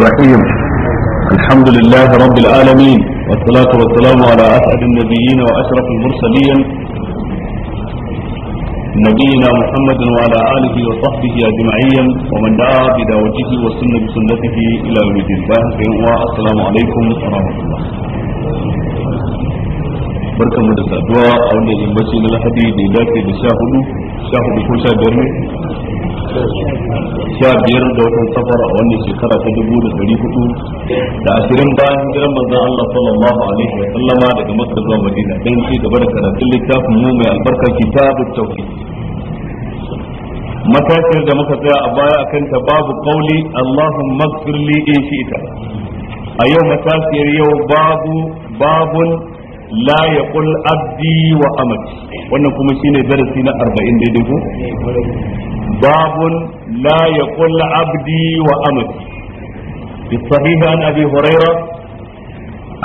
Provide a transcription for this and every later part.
الرحيم الحمد لله رب العالمين والصلاة والسلام على أسعد النبيين وأشرف المرسلين نبينا محمد وعلى آله وصحبه أجمعين ومن دعا بدعوته وسن بسنته إلى يوم الدين والسلام عليكم ورحمة الله barkan mu da saduwa a wannan yammaci na lahadi da ya dace da sha hudu sha hudu ko sha biyar ne sha biyar da wata safara a wannan shekara ta dubu da dari hudu da ashirin bayan hijiran manzon Allah sallallahu alaihi wa sallama daga Makka zuwa Madina dan shi gaba da karatun littafin mu mai albarka kitabut tauhid matakin da muka tsaya a baya akan ta babu qauli Allahumma ighfir li in shi'ta a yau matakiyar yau babu babun لا يقول عبدي وامتي amati wannan kuma shine darasi na 40 daidai ko babun la yaqul abdi wa amati fi sahih an abi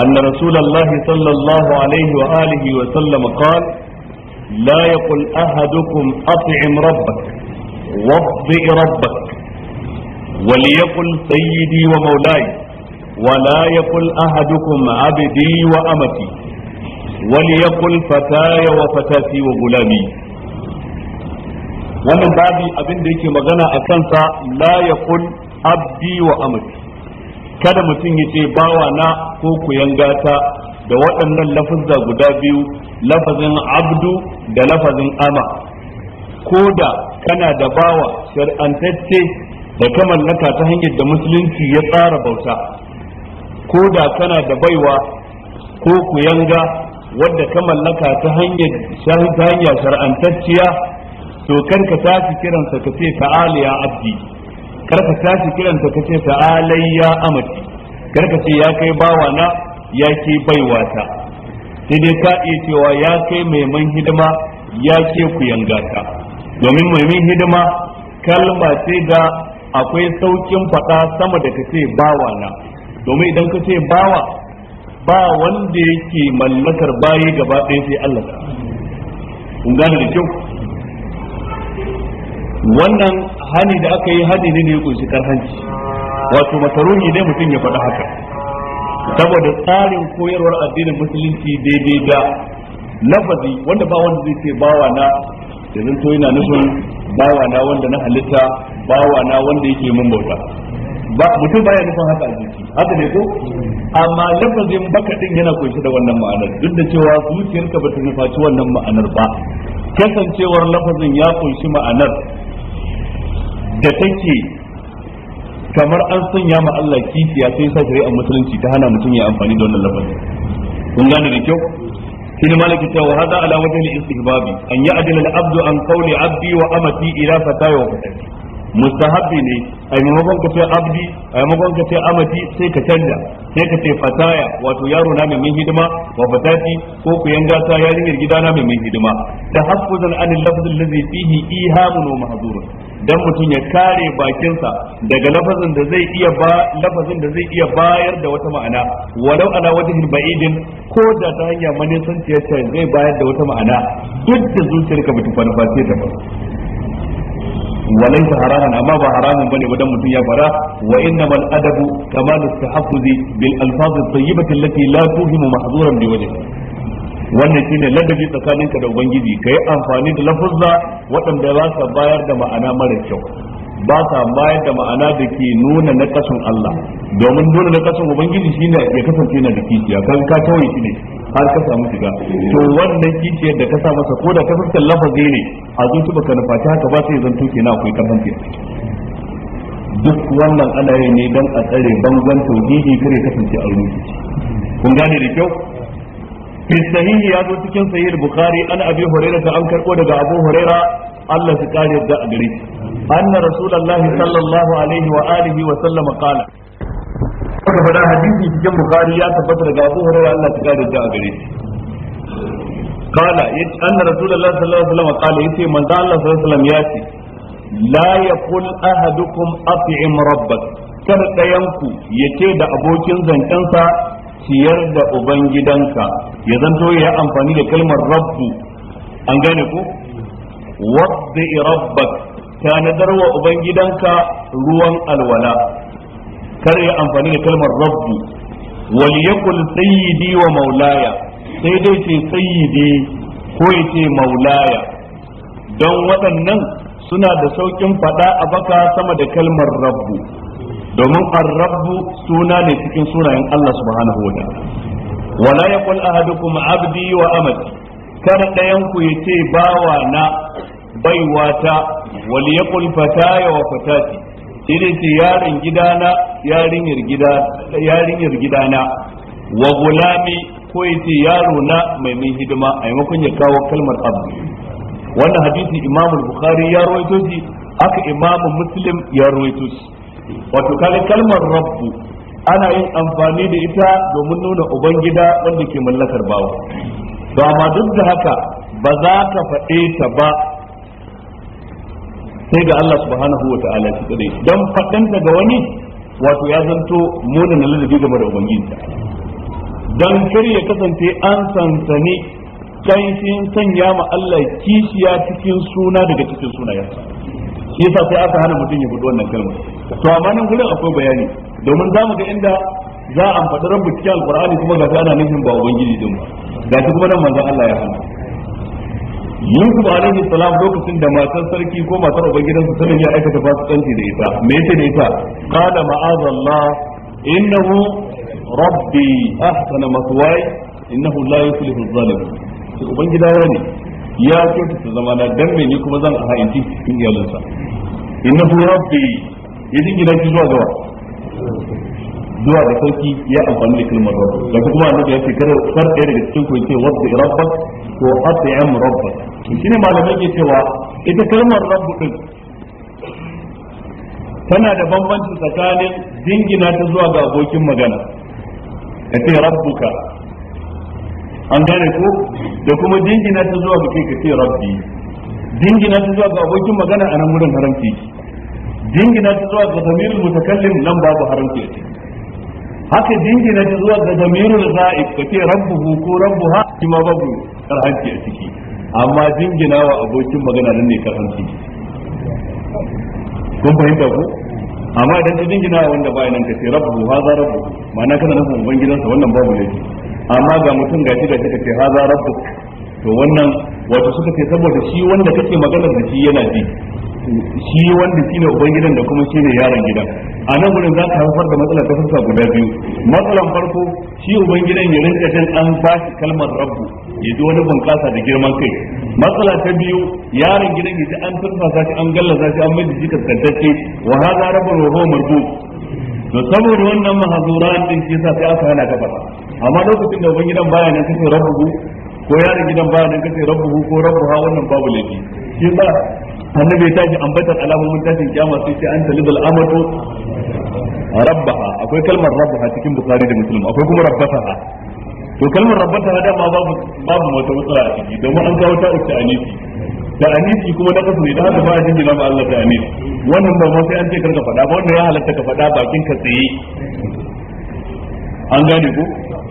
أن رسول الله صلى الله عليه وآله وسلم قال لا يقل أحدكم أطعم ربك وابضئ ربك وليقل سيدي ومولاي ولا يقل أحدكم عبدي وأمتي وليقل فتاي وفتاتي وغلامي wannan babi abin da yake magana a kansa la kun abdi wa amri kada mutum ya ce bawa na ko ku ta, da waɗannan lafazza guda biyu lafazin abdu da lafazin ama ko da kana da bawa shar'antacce da ka mallaka ta hanyar da musulunci ya tsara bauta ko da kana da baiwa ko ku yanga wadda ka mallaka ta hanyar ta hanya shar'antacciya to kar ka tashi kiransa ka ce ta'ala ya abdi kar ka tashi kiransa ka ce ta'ala ya amati kar ce ya kai bawa na ya ke baiwa ta sai dai ka iya cewa ya kai mai man hidima ya ke ku yanga ta domin mai man hidima kalma sai da akwai saukin faɗa sama da ka ce bawa na domin idan ka ce bawa ba wanda yake mallakar bayi gaba ɗaya sai Allah kun gane da kyau wannan hani da aka yi hani ne da ya kunshi karhanci wato makaruhi ne mutum ya faɗi haka saboda tsarin koyarwar addinin musulunci daidai da lafazi wanda ba wanda zai ce bawa na da zan zanto yana nufin bawa na wanda na halitta bawa na wanda yake mun bauta ba mutum baya nufin haka a jiki haka ne ko amma lafazin baka din yana kunshe da wannan ma'anar duk da cewa zuciyarka ba ta nufaci wannan ma'anar ba kasancewar lafazin ya kunshi ma'anar da take kamar an sanya ma Allah kishiya sai sa a musulunci ta hana mutum ya amfani da wannan lafazin kun gane da kyau shi ne malaki cewa hada ala wajhi istihbabi an ya'dil al-abdu an qawli abdi wa amati ila Fatayo wa mustahabbi ne a maimakon ka ce abdi a maimakon ka ce amati sai ka canja sai ka ce fataya wato yaro na mai hidima wa fatati ko ku yanga ta yarinyar gidana mai mai hidima da hafuzan anil lafzul ladzi fihi ihamun wa dan mutum ya kare bakinsa daga lafazin da zai iya ba lafazin da zai iya bayar da wata ma'ana walau ala wajen ba'idin ko da ta hanya manisanciyar zai bayar da wata ma'ana duk da zuciyarka bata fanfase ta ba وليس حراما أما حرام بل ودم يا فرا وإنما الأدب كمال التحفظ بالألفاظ الطيبة التي لا توهم محظورا بوجه wannan shine ladabi tsakaninka da ubangiji ka yi amfani da lafuzza waɗanda ba sa bayar da ma'ana mara kyau ba sa bayar da ma'ana da ke nuna na Allah domin nuna na ubangiji shine ya kasance na da kishiya kan ka kawai shi ne har ka samu shiga to wannan kiciyar da ka sa masa ko da ka fuskar lafazi ne a zuci baka fata haka ba sai zanto kenan akwai kafanci duk wannan ana yi ne don a tsare bangon tauhidi kare kasance a rubuci kun gane da kyau fi sahihi ya zo cikin sahih bukhari an abi hurairah ta an karbo daga abu hurairah Allah su kare da a gare shi anna rasulullahi sallallahu alaihi wa alihi wa sallama qala kuka faɗa hadisi cikin bukari ya tabbata daga abu hurairah Allah ta kare a gare shi قال أن رسول الله صلى الله عليه وسلم قال يتي من ذا الله صلى الله عليه وسلم ياتي لا يقول أحدكم أطعم ربك kar ɗayanku ya ce da abokin zancensa ciyar da ubangidanka ya zanto ya amfani da kalmar rabbu an gane ku wadda rabbak ta nadarwa ubangidanka ruwan alwala kar ya amfani da kalmar rabbi wal yakul sayyidi wa maulaya sai dai ce sayyidi ko ya ce maulaya don waɗannan suna da saukin faɗa a baka sama da kalmar rabbu domin ar-rabbu suna ne cikin sunayen Allah subhanahu wa ta'ala wala ahadukum abdi wa amati kada ɗayan ku yace bawa na baiwata wal yaqul fataya wa fatati sai dai ce yarin gidana yarinyar gida yarinyar gidana wa gulami ko yace yaro na mai min hidima a maimakon ya kawo kalmar abu wannan hadisi imam bukhari ya rawaito shi haka imam muslim ya rawaito shi wato kaga kalmar rabbu ana yin amfani da ita domin nuna ubangida wanda ke mallakar bawa Ba amma duk da haka ba za ka faɗe ta ba sai ga Allah subhanahu wa ta'ala shi kadai dan fadan ga wani wato ya zanto na ladabi game da ubangiji dan kar ya kasance an sansani kaifin sanya ma Allah kishiya cikin suna daga cikin sunayensa shi yasa sai aka hana mutum ya gudu wannan kalma to amma nan gurin akwai bayani domin zamu ga inda za a faɗi ran cikin alqur'ani kuma ga ana nufin ba ubangiji din ba ga kuma nan manzon Allah ya hana yusuf alaihi salam lokacin da matar sarki ko matar ubangidansa sanin ya aikata fasikanci da ita me yake da ita qala ma'azallah innahu rabbi ahsana maswaya innahu la yuflihu adh to sai ubangidawa ne ya kyautata zama na dan me ni kuma zan a ha'inci cikin iyalinsa innahu rabbi ya gidan shi zuwa gaba zuwa da sauki ya amfani da kalmar rabb da kuma annabi ya ce kada far ɗaya daga cikin ku yake ce wadda rabbak ko at'am rabbak shine malamai ke cewa ita kalmar rabb din tana da bambanci tsakanin dingina ta zuwa ga abokin magana ka ce rabbuka an gane ku, da kuma dingina ta zuwa ga kai ka ce rabbi dingina ta zuwa ga abokin magana a nan wurin haramci dingina ta zuwa ga zamirin mutakallim nan babu haramci a haka dingina shi zuwa ga damirul za'ib rabbu rabbuhu ko rabbuha shi ma babu karhanci a ciki amma dingina wa abokin magana nan ne karhanci kun fahimta ku? amma idan ka dingina wanda ba nan ce, rabbu haza rabbu ma'ana kana nufin gidansa, wannan babu laifi amma ga mutum ga shi ga shi ha haza rabbu to wannan wato suka ce saboda shi wanda kake maganar da shi yana ji shi wanda ne uban gidan da kuma ne yaron gidan a nan gurin za ta haifar da matsala ta fuska guda biyu matsalan farko shi uban gidan ya rinka jin an ba shi kalmar rabu ya ji wani bunƙasa da girman kai matsala ta biyu yaron gidan ya ji an turfasa shi an gallaza shi an mai da shi kaskantacce wa hadha rabbul wa huwa marbub to saboda wannan mahazura din shi sa sai aka hana ka fada amma lokacin da uban gidan baya nan kace rabu ko yaron gidan baya nan kace rabu ko ha wannan babu laifi shi ba annabi ambatar alamomin kalmar rabbaha cikin da muslim akwai kuma rabbataha to kalmar rabbataha da ma babu babu wata matsala a ciki domin an kawo ta uta anisi da anisi kuma da kasu ne da haka ba a jinjina ba Allah da anisi wannan ba ma an ce karka faɗa ba wannan ya halatta ka faɗa bakin ka tsaye an gane ko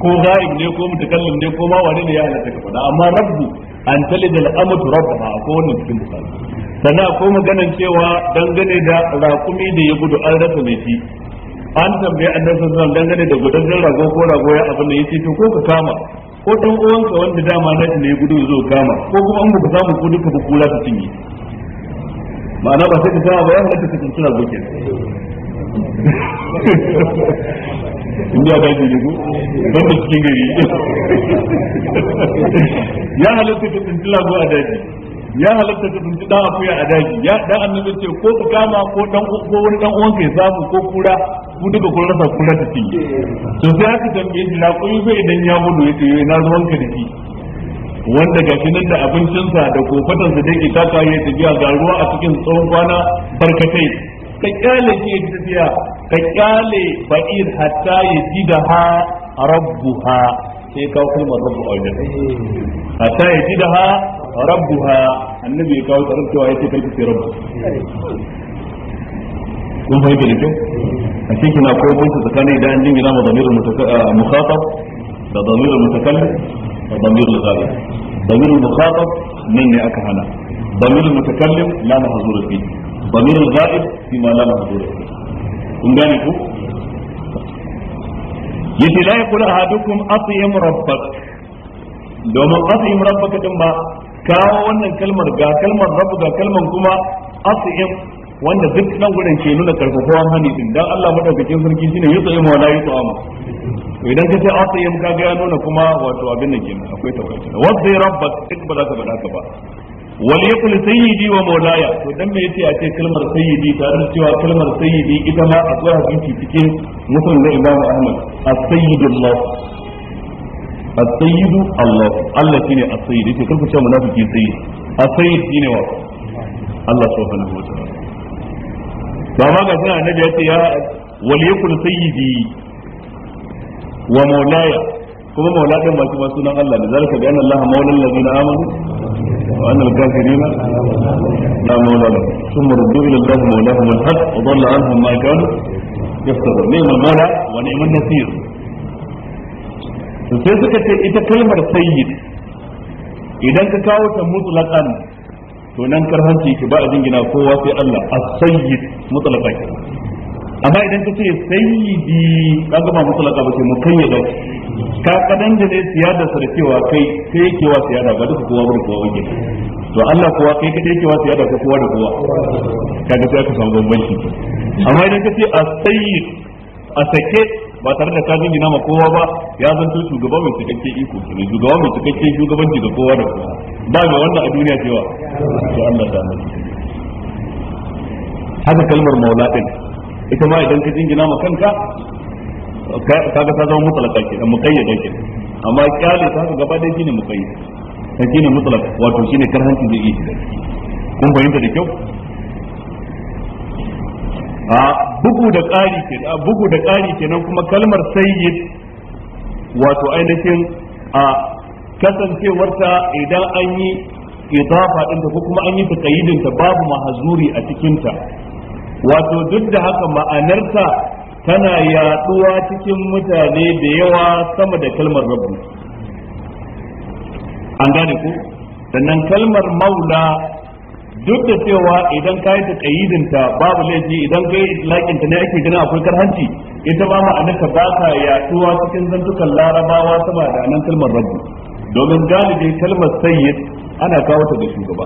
ko ga'ib ne ko mutakallim ne ko ma wani ne ya halatta ka faɗa amma rabbu an talida al'amatu rabbaha ko wannan cikin bukhari sannan akwai maganan cewa dangane da raƙumi da ya gudu an rasa mai shi an tambaye an rasa zuwa dangane da gudan rago ko rago ya abin da yace to ko ka kama ko ɗan uwanka wanda dama na ne gudu zo kama ko kuma an baka samun ko duka bukula ta cinye ma'ana ba sai ka kama ba ya halatta ka suna goke inda da ji ku ban da cikin gari ya halatta ka tsinci lago a daji ya halatta ka tsinci dan akuya a daji ya dan annabi ce ko ka kama ko dan ko wani dan uwanka ya samu ko kura ku duka kun rasa kura ta cinye to sai aka tambaye shi na kuyi fa idan ya gudu yace eh, na ruwanka da shi wanda ga shi nan da abincinsa da kofatansa da ke taka ya tafiya ga ruwa a cikin tsawon kwana barkatai ka kyale shi ya tafiya ka kyale ba'ir hatta ya ji da ha rabbuha sai kawo kalmar rabbu a wajen hatta ya ji da ha rabbuha annabi ya kawo tsarin cewa ya ce karki sai rabbu kun fahimta da kyau a cikin na akwai bunci tsakanin idan an jingina ma zamirin mukhatab da zamirin mutakallim da zamirin zalim zamirin mukhatab nan ne aka hana zamirin mutakallim la mahzura fihi ضمير الغائب فيما لا محدود فيه kun gane ku yace la yaqul ahadukum at'im rabbak domin at'im rabbaka din ba kawo wannan kalmar ga kalmar rabb ga kalmar kuma at'im wanda duk nan ke nuna karfafawan hani din dan Allah madaukakin sarki shine yusa yi mawala yusa amma idan ka ce at'im ka ga nuna kuma wato abin da kenan akwai tawaita wazai rabbak duk ba za ka bada ka ba wal yaqul sayyidi wa mawlaya to dan me yace a ce kalmar sayyidi tare da cewa kalmar sayyidi ita ma akwai hadisi cikin musulun da Imam Ahmad as-sayyidu Allah as-sayyidu Allah Allah shine as-sayyid yake kalku cewa munafiki sayyid as-sayyid shine wa Allah subhanahu wa ta'ala ba ma ga sunan annabi yace ya wal yaqul sayyidi wa mawlaya kuma maula din ba kuma sunan Allah ne zalika bi anna Allah maulal ladina amanu wa anna al-kafirina la maula lahum thumma ruddu ila Allah maulahum al-haq wa dhalla anhum ma kanu yaftarun ni'mal maula wa ni'man nasir to sai suka ce ita kalmar sayyid idan ka kawo ta mutlaqan to nan karhanci ki ba a jingina kowa sai Allah as-sayyid mutlaqan amma idan ka ce sayyidi kaga ba mutlaqa ba ce mukayyada ka kadan da ne siyada sa da cewa kai kai yake wa siyada ba duka kowa bane kowa wani to Allah kowa kai kadai yake wa siyada ka kowa da kowa kaga sai ka samu bambanci amma idan ka ce asayyi a sake ba tare da ka jingina ma kowa ba ya zanto shugaba mai cikakke iko ne shugaba mai cikakke shugabanci ga kowa da kowa ba mai wannan a duniya cewa to Allah ta mutu haka kalmar maula din ita ma idan ka jingina ma kanka kaga ta zama mutlaka ke da muqayyada ke amma kyale ta haka gaba ɗaya shine muqayyada ta shine mutlaka wato shine karhanci zai iya kun fahimta da kyau a bugu da ƙari ke a bugu da ƙari kenan kuma kalmar sayyid wato ainihin a kasancewarta idan an yi idafa ɗinta ko kuma an yi ta babu mahazuri a cikinta wato duk da haka ma'anarta tana yaduwa cikin mutane da yawa sama da kalmar rabbi an gane ku sannan kalmar maula duk da cewa idan ka yi ta kayidinta babu laifi idan ka yi laƙinta ne ake ganin akwai karhanci ita ba ka ba ka yaduwa cikin zantukan larabawa sama da anan kalmar rabbi domin galibi kalmar sayyid ana kawo ta da shugaba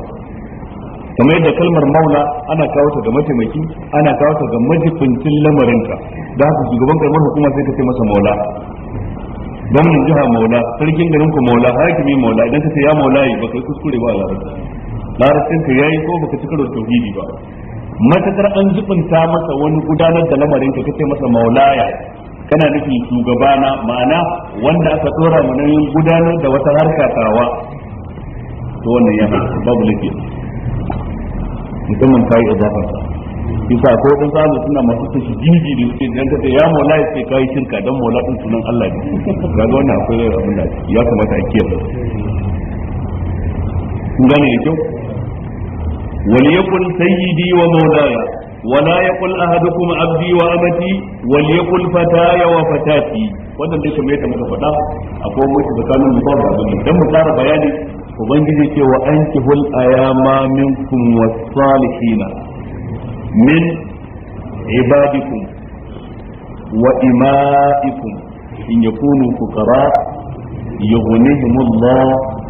kamar yadda kalmar maula ana kawo ta ga mataimaki ana kawo ta ga majibincin lamarinka da haka shugaban karamar hukuma sai ka ce masa maula gwamnan jiha maula sarkin garin ku maula hakimi maula idan ka ce ya maula yi baka kuskure ba a larabci larabcin ka yayi ko baka cika da tauhidi ba matakar an jibinta masa wani gudanar da lamarinka ka ce masa maulaya kana nufin shugabana ma'ana wanda aka tsora mu nan gudanar da wata harka tawa to wannan ya babu lafiya musamman kai izafar sa bisa ko kun samu suna masu tashi jiji da suke dan kasa ya mola ya ce kai shirka don mola din sunan Allah ne ga wannan akwai abin da ya kamata a kiyaye kun gane da kyau Wani ya ya wala وليكن سيدي ومولاي ولا يقل ya kun fata وليقل فتاي وفتاتي wannan dai kamar yadda muka faɗa akwai mutu tsakanin mutum da abin da mu tsara bayani ubangiji ce wa hul ayama minkum was-salihina min ibadikum wa ima'ikum in yakunu fuqara yughnihimullah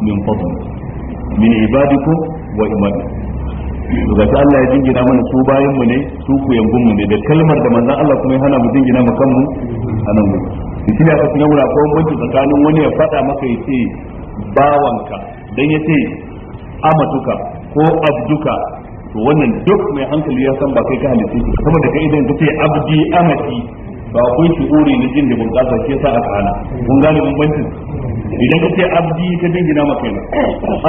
min fadli min ibadikum wa ima'ikum ta Allah ya jingina mana su bayan mu ne su ku yambun mu ne da kalmar da manzon Allah kuma ya hana mu jingina mu kanmu anan mu shi ne aka tunawa wura ko banki tsakanin wani ya fada maka yace bawanka dan yace amatuka ko abduka to wannan duk mai hankali ya san ba kai ka halice shi kuma da kai idan kace abdi amati ba shi shi'uri na jin da bunƙasa shi yasa aka hana kun gane bambancin idan kace abdi ka dingina maka ne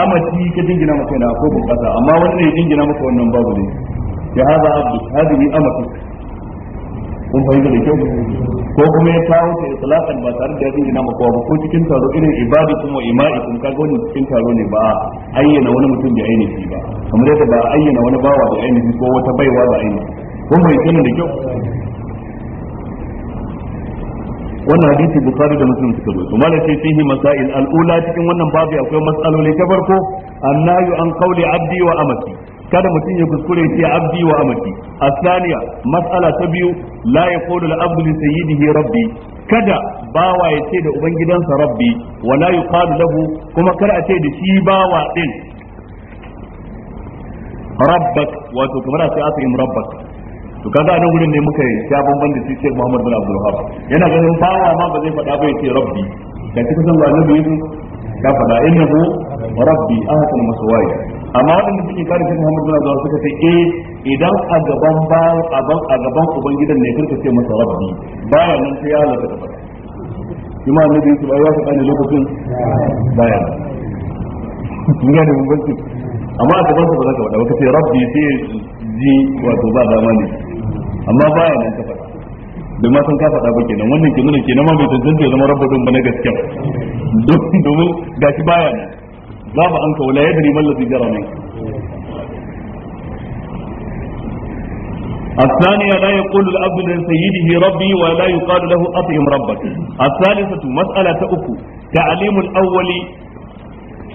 amati ka dingina maka yana ko bunƙasa amma wannan ya dingina maka wannan babu ne ya hada abdu hadi amatu kun fahimta da kyau ko kuma ya kawo ta itlaqan ba tare da yadin gina makowa ba ko cikin taro irin ibadakum wa ima'ikum ka gani cikin taro ne ba ayyana wani mutum da ainihi ba kamar yadda ba ayyana wani bawa da ainihi ko wata baiwa da ainihi kun fahimta da kyau wannan hadisi bukhari da muslim suka rawaito malam sai fihi masail al-ula cikin wannan babu akwai masaloli ta farko annayu an qawli abdi wa amati kada mutum ya kuskure ya abdi wa amati asaniya mas'ala ta biyu la yaqulu al-abdu li sayyidihi rabbi kada bawa ya ce da ubangidansa rabbi wa la yuqalu lahu kuma kada a ce da shi bawa din rabbak wato kamar a ce asim rabbak to kaga anan gurin ne muka ya bamban da sai Muhammad bin Abdul Wahab yana ganin bawa ma ba zai faɗa ba yace rabbi da kika san annabi Yusuf ka faɗa innahu rabbi ahsan maswaya amma wadanda suke kare shi Muhammad bin Abdul suka ce eh idan a gaban ba a gaban ubangidan ne karka ce masa rabbi baya nan sai ya lada ba kuma yake ba ya faɗa ne lokacin baya mun ga ne mun amma a gaban sa ba za ka faɗa ba kace rabbi sai ji wato ba zamani. amma baya nan ka faɗa bai ma sun ka faɗa ba kenan wannan ke nuna kenan ma bai tantance zama rabbudin ba na gaskiya domin gashi baya nan babu an ka wala yadri man ladhi jara min الثانية لا يقول العبد لسيده ربي ولا يقال له أطعم ربك الثالثة مسألة أكو تعليم الأول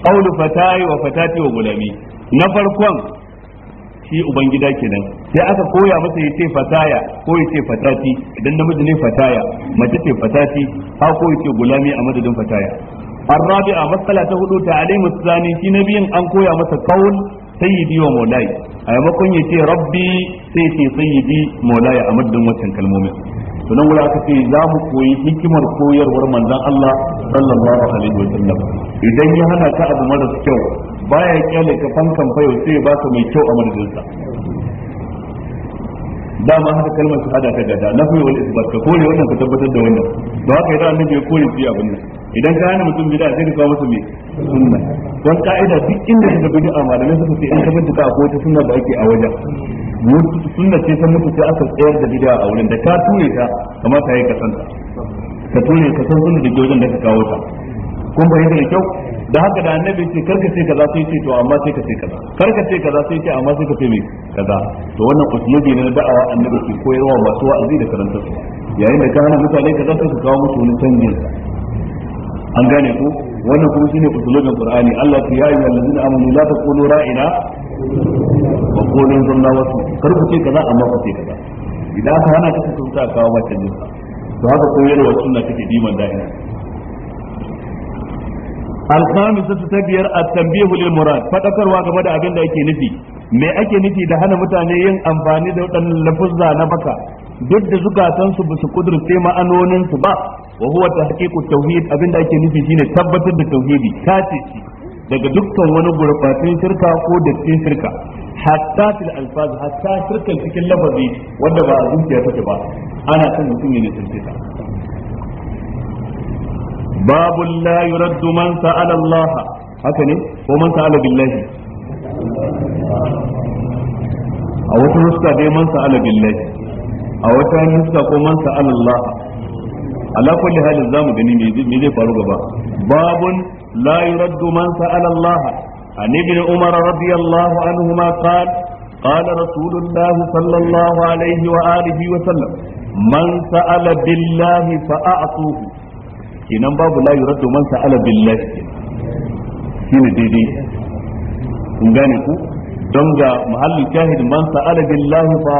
قول فتاي وفتاتي وغلامي نفر كون shi ubangida kenan sai aka koya masa ya ce fataya ko ya ce fatati idan namiji ne fataya mace ce fatati ha ko ya ce gulami a madadin fataya الرابعة مسألة تهدو تعليم الثاني في نبي أنكو يا مسا قول sayyidi wa maulai a yamakon ya ce rabbi sai ce sayyidi maulai a madadin wancan kalmomin to nan wuri aka ce za mu koyi hikimar koyarwar manzon Allah sallallahu alaihi wa sallam idan ya hana ka abu mara kyau baya kyale ka fankan fayo sai ba ka mai kyau a da ma haka kalmar shahada ta gada na fayo wani isbat ka kore wannan ka tabbatar da wannan ba haka idan annabi ya kore fiye abin nan idan ka hana mutum bid'a sai ka kawo masa mai sunna don ka'ida duk inda suka gudu a malamai suka ce in ka bincika a kowace sunna da ake a wajen sunna ce ta mutu ce aka tsayar da bid'a a wurin da ka ture ta kamata yayi yi kasanta ka ture ka san sunna da ke wajen da ka kawo ta kun fahimta da kyau da haka da annabi ce karka ce kaza sai ce to amma sai ka ce kaza karka ce kaza sai ce amma sai ka ce me kaza to wannan usulubi ne na da'awa annabi ke koyarwa masu wa'azi da karanta su yayin da ka hana mutane kaza sai su kawo musu wani canjin an gane ku wannan kuma shine usulubin qur'ani Allah ya yi wa ladina amanu la taqulu ra'ina wa qulu inna wasu karku ce kaza amma ku ce kaza idan ka hana ka su kawo mata jinsa to haka koyarwa sunna take diman da'ina alkhamisatu ta biyar at-tanbihu lil murad fadakarwa game da abin da yake nufi me ake nufi da hana mutane yin amfani da waɗannan lafuzza na baka duk da zukatan su su kudurce ma'anonin su ba wa huwa tahqiqu tauhid abin da ake nufi shine tabbatar da tauhidi tace shi daga dukkan wani gurbatun shirka ko dattin shirka hatta fil alfaz hatta shirka cikin lafazi wanda ba a zuciya take ba ana son mutum ya nisance ta babu la yuraddu man sa'ala Allah haka ne ko man sa'ala billahi a wata nuska man sa'ala billahi a wata nuska ko man sa'ala Allah ala kulli halin zamu gani me zai faru gaba man عن ابن عمر رضي الله عنهما قال قال رسول الله صلى الله عليه وآله وسلم من سأل بالله فأعطوه kenan babu la yuraddu man sa'ala billahi shine daidai kun gane ku don ga mahallin shahid man sa'ala billahi fa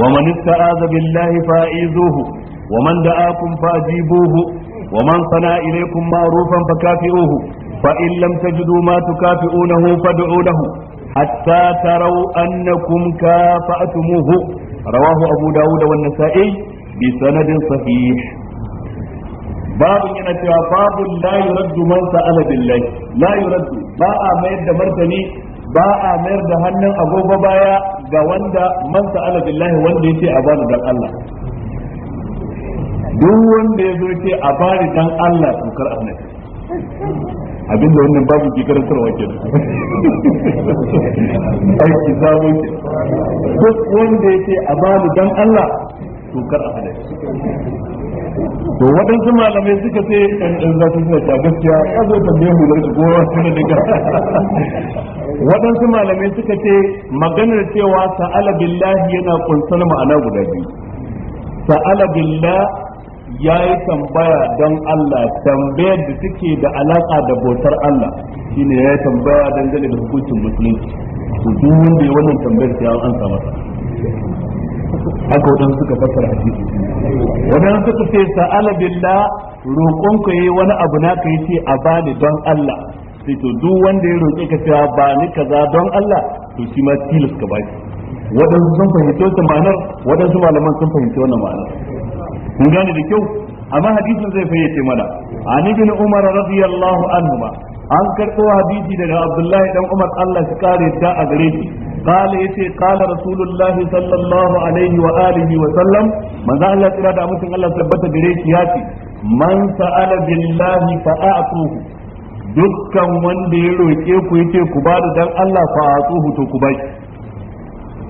wa man ista'aza billahi fa wa man da'akum fa ajibuhu wa man sana ilaykum ma'rufan fa kafi'uhu fa in lam tajidu ma tukafi'unahu fad'u lahu hatta taraw annakum kafa'tumuhu rawahu abu dawud wa an-nasa'i bi sanadin sahih Babu yana cewa babun la yuraddu man sa'ala billahi la yuraddu ba a mayar da martani ba a mayar da hannun agogo baya ga wanda man sa'ala billahi wanda yace a bani dan Allah duk wanda ya zo ce a bani dan Allah to kar a mai abinda wannan babu ke karantarwa ke aiki sabon ke duk wanda ya ce a bani dan Allah to a mai to waɗansu malamai suka ce ɗan ɗan za su suna gaskiya ya zo tambaye mu da gowa suna daga waɗansu malamai suka ce maganar cewa sa'ala billahi yana kunsar ma'ana guda biyu sa'ala billahi ya yi tambaya don Allah tambayar da suke da alaƙa da bautar Allah shine ya yi tambaya dangane da hukuncin musulunci to duk wanda ya wannan tambayar sai an ansa masa haka wadan suka fassara hadisi wadan suka ce sa'ala billah roƙon ka yayi wani abu na ka ce a bani don Allah sai to duk wanda ya roƙe ka cewa ba ni kaza don Allah to shi ma tilas ka baki Waɗansu sun fahimci wannan ma'anar waɗansu malaman sun fahimci wannan ma'anar kun gane da kyau amma hadisin zai fayyace mana an ibn umar radiyallahu anhu ma an karɓo hadisi daga abdullahi dan umar Allah shi kare ta a gare shi qala yace qala rasulullahi sallallahu alaihi wa alihi wa sallam manzo Allah tsira da mutun Allah tabbata gare shi ya ce man sa'ala billahi fa a'tuhu dukkan wanda ya roke ku yace ku ba da dan Allah fa a'tuhu to ku bai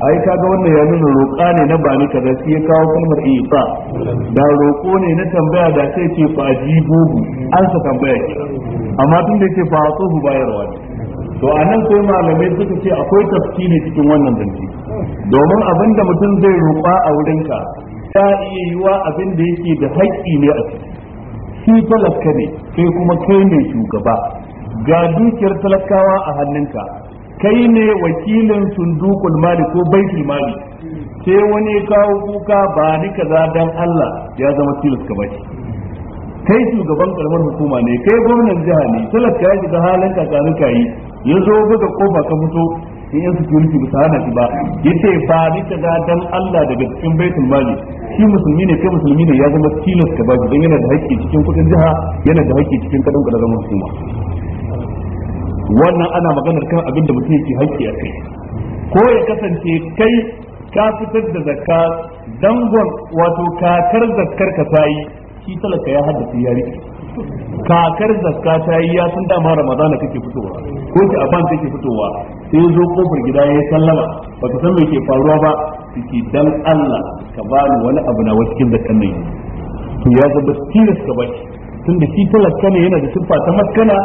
ai kaga wannan ya nuna roƙa ne na bani kaza shi ya kawo kalmar isa da roƙo ne na tambaya da sai ce fa ajibuhu an sa tambaya amma tun da yake fa a'tuhu bayarwa ne to a nan sai malamai suka ce akwai tafsiri cikin wannan zance domin abin da mutum zai ruba a wurinka Ya iya yiwa abin da yake da haƙƙi ne a ciki shi talaka ne kai kuma kai ne shugaba ga dukiyar talakawa a hannunka kai ne wakilin sundukul mali ko baitul mali sai wani kawo kuka ba ni kaza dan Allah ya zama tilas ka bashi kai shugaban karamar hukuma ne kai gwamnan jiha ne talaka ya shiga halin ka ka kayi ya zo buga kofa ka fito sai yan security ba hana shi ba ya ce ba ni ta ga dan Allah daga cikin baitul mali shi musulmi ne kai musulmi ne ya zama tilas ka shi, dan yana da haƙƙi cikin kudin jiha yana da haƙƙi cikin kadan kudin zaman hukuma wannan ana maganar kan abin da mutum yake haƙƙi a kai ko ya kasance kai ka fitar da zakka dangon wato kakar zakkar ka tayi shi talaka ya haddace ya rike kakar zakka ta yi ya san dama ramadana kake fitowa ko ki aban kake fitowa sai zo kofar gida ya sallama ba ka san me ke faruwa ba ki dan Allah ka ni wani abu na wasu da zakkan to ya zaba tilas ka baki tunda shi talaka ne yana da siffa ta maskana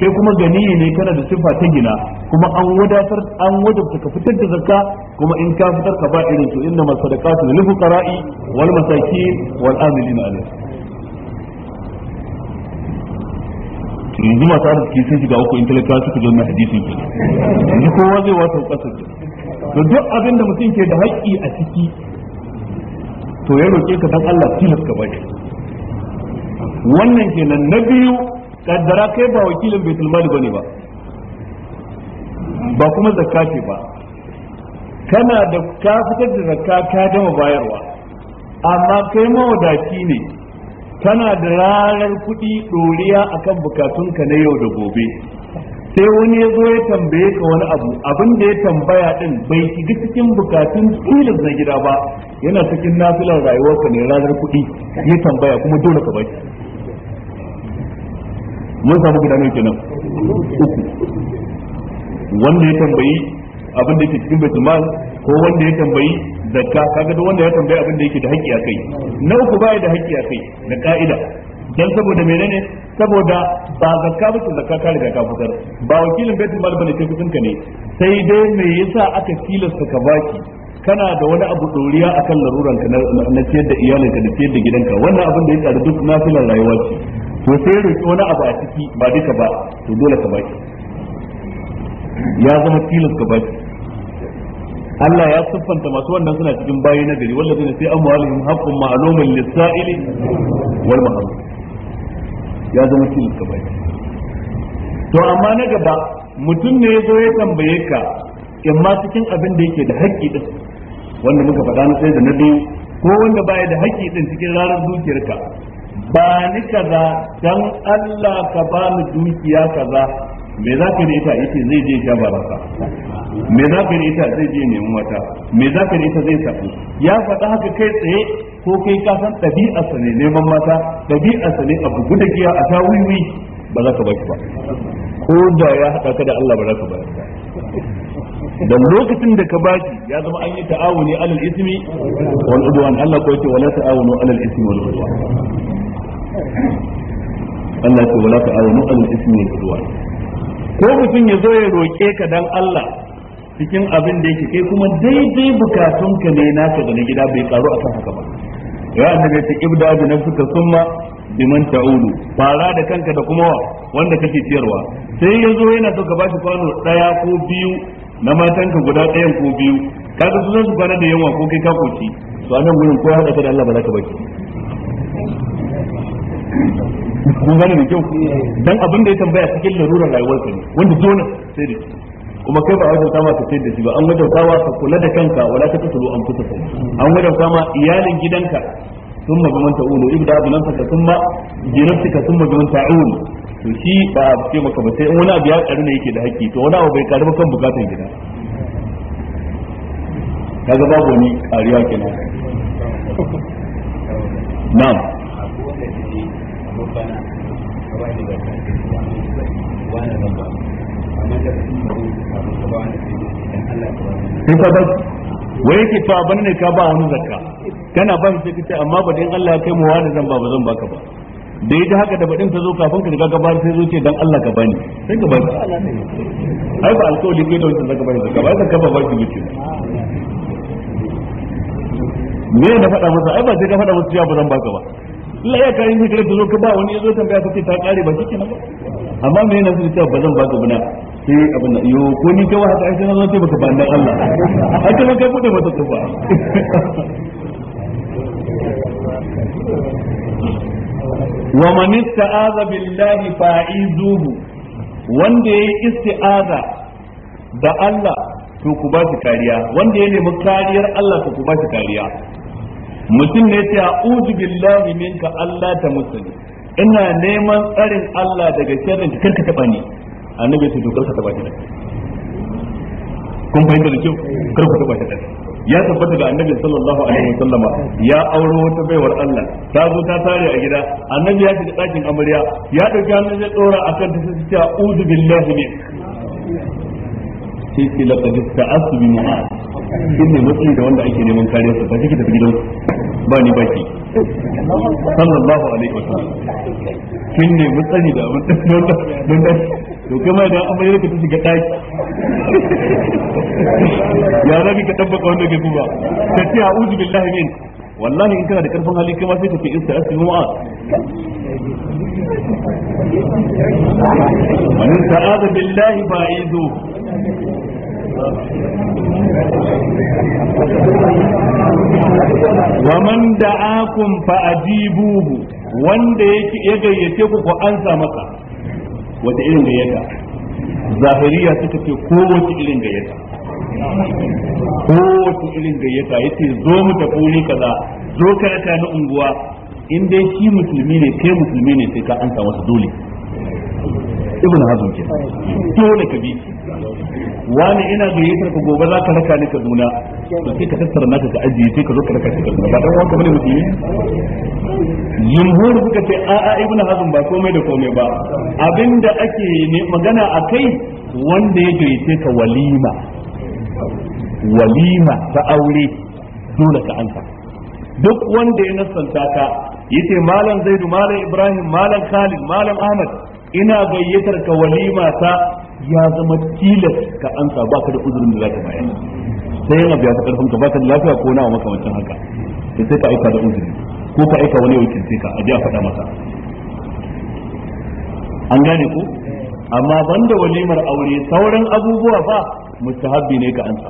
kai kuma gani ne kana da siffa ta gina kuma an wadatar an wajabta ka fitar da zakka kuma in ka fitar ka ba irin to inna masadaqatu lil fuqara'i wal masakin wal amilina yanzu masu arziki sun shiga uku in suka zo wannan hadisi. ke yanzu kowa zai wata kasar to duk abin da mutum ke da haƙƙi a ciki to ya roƙe ka dan Allah tilas ka bari wannan kenan na biyu kaddara kai ba wakilin baitul mal bane ba ba kuma zakka ce ba kana da ka fitar da zakka ka dama bayarwa amma kai mawadaci ne kana da rarar kuɗi ɗoriya akan bukatunka na yau da gobe sai wani ya zo ya tambaye ka wani abu abin da ya tambaya din bai shiga cikin bukatun filin na gida ba yana cikin nafilar rayuwarka ne rarar kuɗi ya tambaya kuma dole ka baki mun samu guda nawa kenan uku wanda ya tambayi abin da yake cikin baitul ko wanda ya tambayi zakka kaga duk wanda ya tambaya abin da yake da haƙƙi a kai na uku baya da haƙƙi a kai da ka'ida dan saboda menene saboda ba zakka ba ce zakka kare riga ka fitar ba wakilin baitul mal bane kai kuɗinka ne sai dai me yasa aka tilasta ka baki kana da wani abu doriya akan laruran ka na ciyar da iyalinka da ciyar da gidanka wannan abin da ya tsara duk nafilan rayuwa ce to sai roki wani abu a ciki ba duka ba to dole ka baki ya zama tilas ka baki Allah ya siffanta masu wannan suna cikin bayi na gari wanda ne sai amwalihim haqqun haƙƙun lis lissa'ili wal mahrum ya zama cikin kabai to amma na gaba mutum ne zo ya tambaye ka in ma cikin abin da yake da haƙƙi din wanda muka faɗa na sai da na biyu ko wanda baya da haƙƙi din cikin ranar dukiyarka ba ni kaza dan Allah ka bani dukiya kaza me za ka ita yake zai je ya barasa me za ka nita zai je neman wata me za ka nita zai sabu ya faɗa haka kai tsaye ko kai ka san ɗabi'arsa ne neman mata ɗabi'arsa ne a bugu da giya a ta wiwi ba za ka baki ba ko da ya haɗa ka da Allah ba za ka baki ba da lokacin da ka baki ya zama an yi ta'awuni alal ismi wal udwan Allah ko yake wala ta'awunu alal ismi wal udwan Allah ce wala ta'awunu alal ismi wal udwan ko mutum ya zo ya roƙe ka dan Allah cikin abin da yake kai kuma daidai bukatunka ne naka da na gida bai karu kan haka ba ya annabi ta ibda bi nafsika summa biman ta'ulu fara da kanka da kuma wanda kake ciyarwa sai ya zo yana so ka bashi kwano daya ko biyu na matanka guda ɗayan ko biyu kaga su su kwana da yawa ko kai ka koci to anan gurin ko hada ka da Allah ba za ka baki kun gane da kyau dan abin da ya tambaya cikin larurar rayuwarsa ne wanda dole sai da kuma kai ba a wajen kama ka sai da shi ba an wajen kama ka kula da kanka wala ta kusuru an kusa kai an wajen kama iyalin gidanka sun magaman ta'ulu ibda abu nan ka sun ma jinarci ka sun magaman ta'ulu to shi ba a ce maka ba sai in wani abu ya karu ne yake da haƙƙi to wani abu bai karu ba kan bukatan gida kaga babu wani kariya kenan na'am wani ba amma da su ne Allah ya ba ba zan ba ba da ya ji haka da baɗin ta zo kafin ka sai zo ce Allah ka bani sai ka bani ai ba alƙawari kai da zaka bani zaka ba zaka ba ki me na faɗa masa ai ba sai ka faɗa masa ba zan baka ba Allah ya zo ka ba wani ya zo tambaya ta kare ba ke na ba amma me yana cewa ba zan baka bana sai abin da yo ko ni kawai haka aiki na zo baka ba Allah haka ma kai bude mata tufa wa man ista'aza billahi fa'izuhu wanda yayi isti'aza da Allah to ku ba shi kariya wanda ya nemi kariyar Allah to ku ba shi kariya mutum ne ya ce a'udhu billahi minka Allah ta musani ina neman tsarin Allah daga shirin kar ka taba ni annabi ya ce to ka taba ni kun fahimta da kyau kar ku taba shi ya tabbata ga annabi sallallahu alaihi wasallama ya auro wata baiwar Allah ta zo ta tare a gida annabi ya shiga ɗakin amarya ya dauki hannun zai dora akan ta sai ta udu billahi ne sai ce laqad ta'asu bi mu'ad ne mutum da wanda ake neman kariya sa ta kike tafi gidan ba ni baki sallallahu alaihi wa sallam kin ne mutsani da abin don da don da to kuma idan an bayyana ka ta shiga daki ya rabi ka tabbaka wanda ke kuma ta ce a'udhu billahi min wallahi in kana da karfin hali kuma sai ka ce in ista'asimu ma'a man تعاذ billahi ba'idu waman da'akum fa ajibuhu wanda yake ya gayyace ku ku ansa masa wata irin gayyata zahiriya suka ce ko wata irin gayyata wata irin gayyata yace zo mu tafi kaza zo karata na unguwa in dai shi musulmi ne kai musulmi ne sai ka ansa masa dole ibn hazm ke dole ka bi wani ina gayyatar ka gobe za ka raka ni Kaduna to sai ka tattara naka ka ajiye sai ka zo ka raka shi Kaduna ba dan wanka bane musulmi eh? jumhur suka ce a a ibnu hazm ba komai da komai ba abinda ake magana a kai wanda ya gayyace ka walima walima ta aure dole ka anka. duk wanda ya nasanta ka yace malam zaidu malam ibrahim malam khalid malam ahmad ina gayyatar ka walima ta ya zama tilas ka ansa ba ka da uzurin da za ka bayar sai yana biya ta karfin ka ba ka da lafiya ko na makamancin haka da sai ka aika da uzuri ko ka aika wani sai ka a ji faɗa masa an gane ku? amma banda walimar aure sauran abubuwa ba mustahabbi ne ka ansa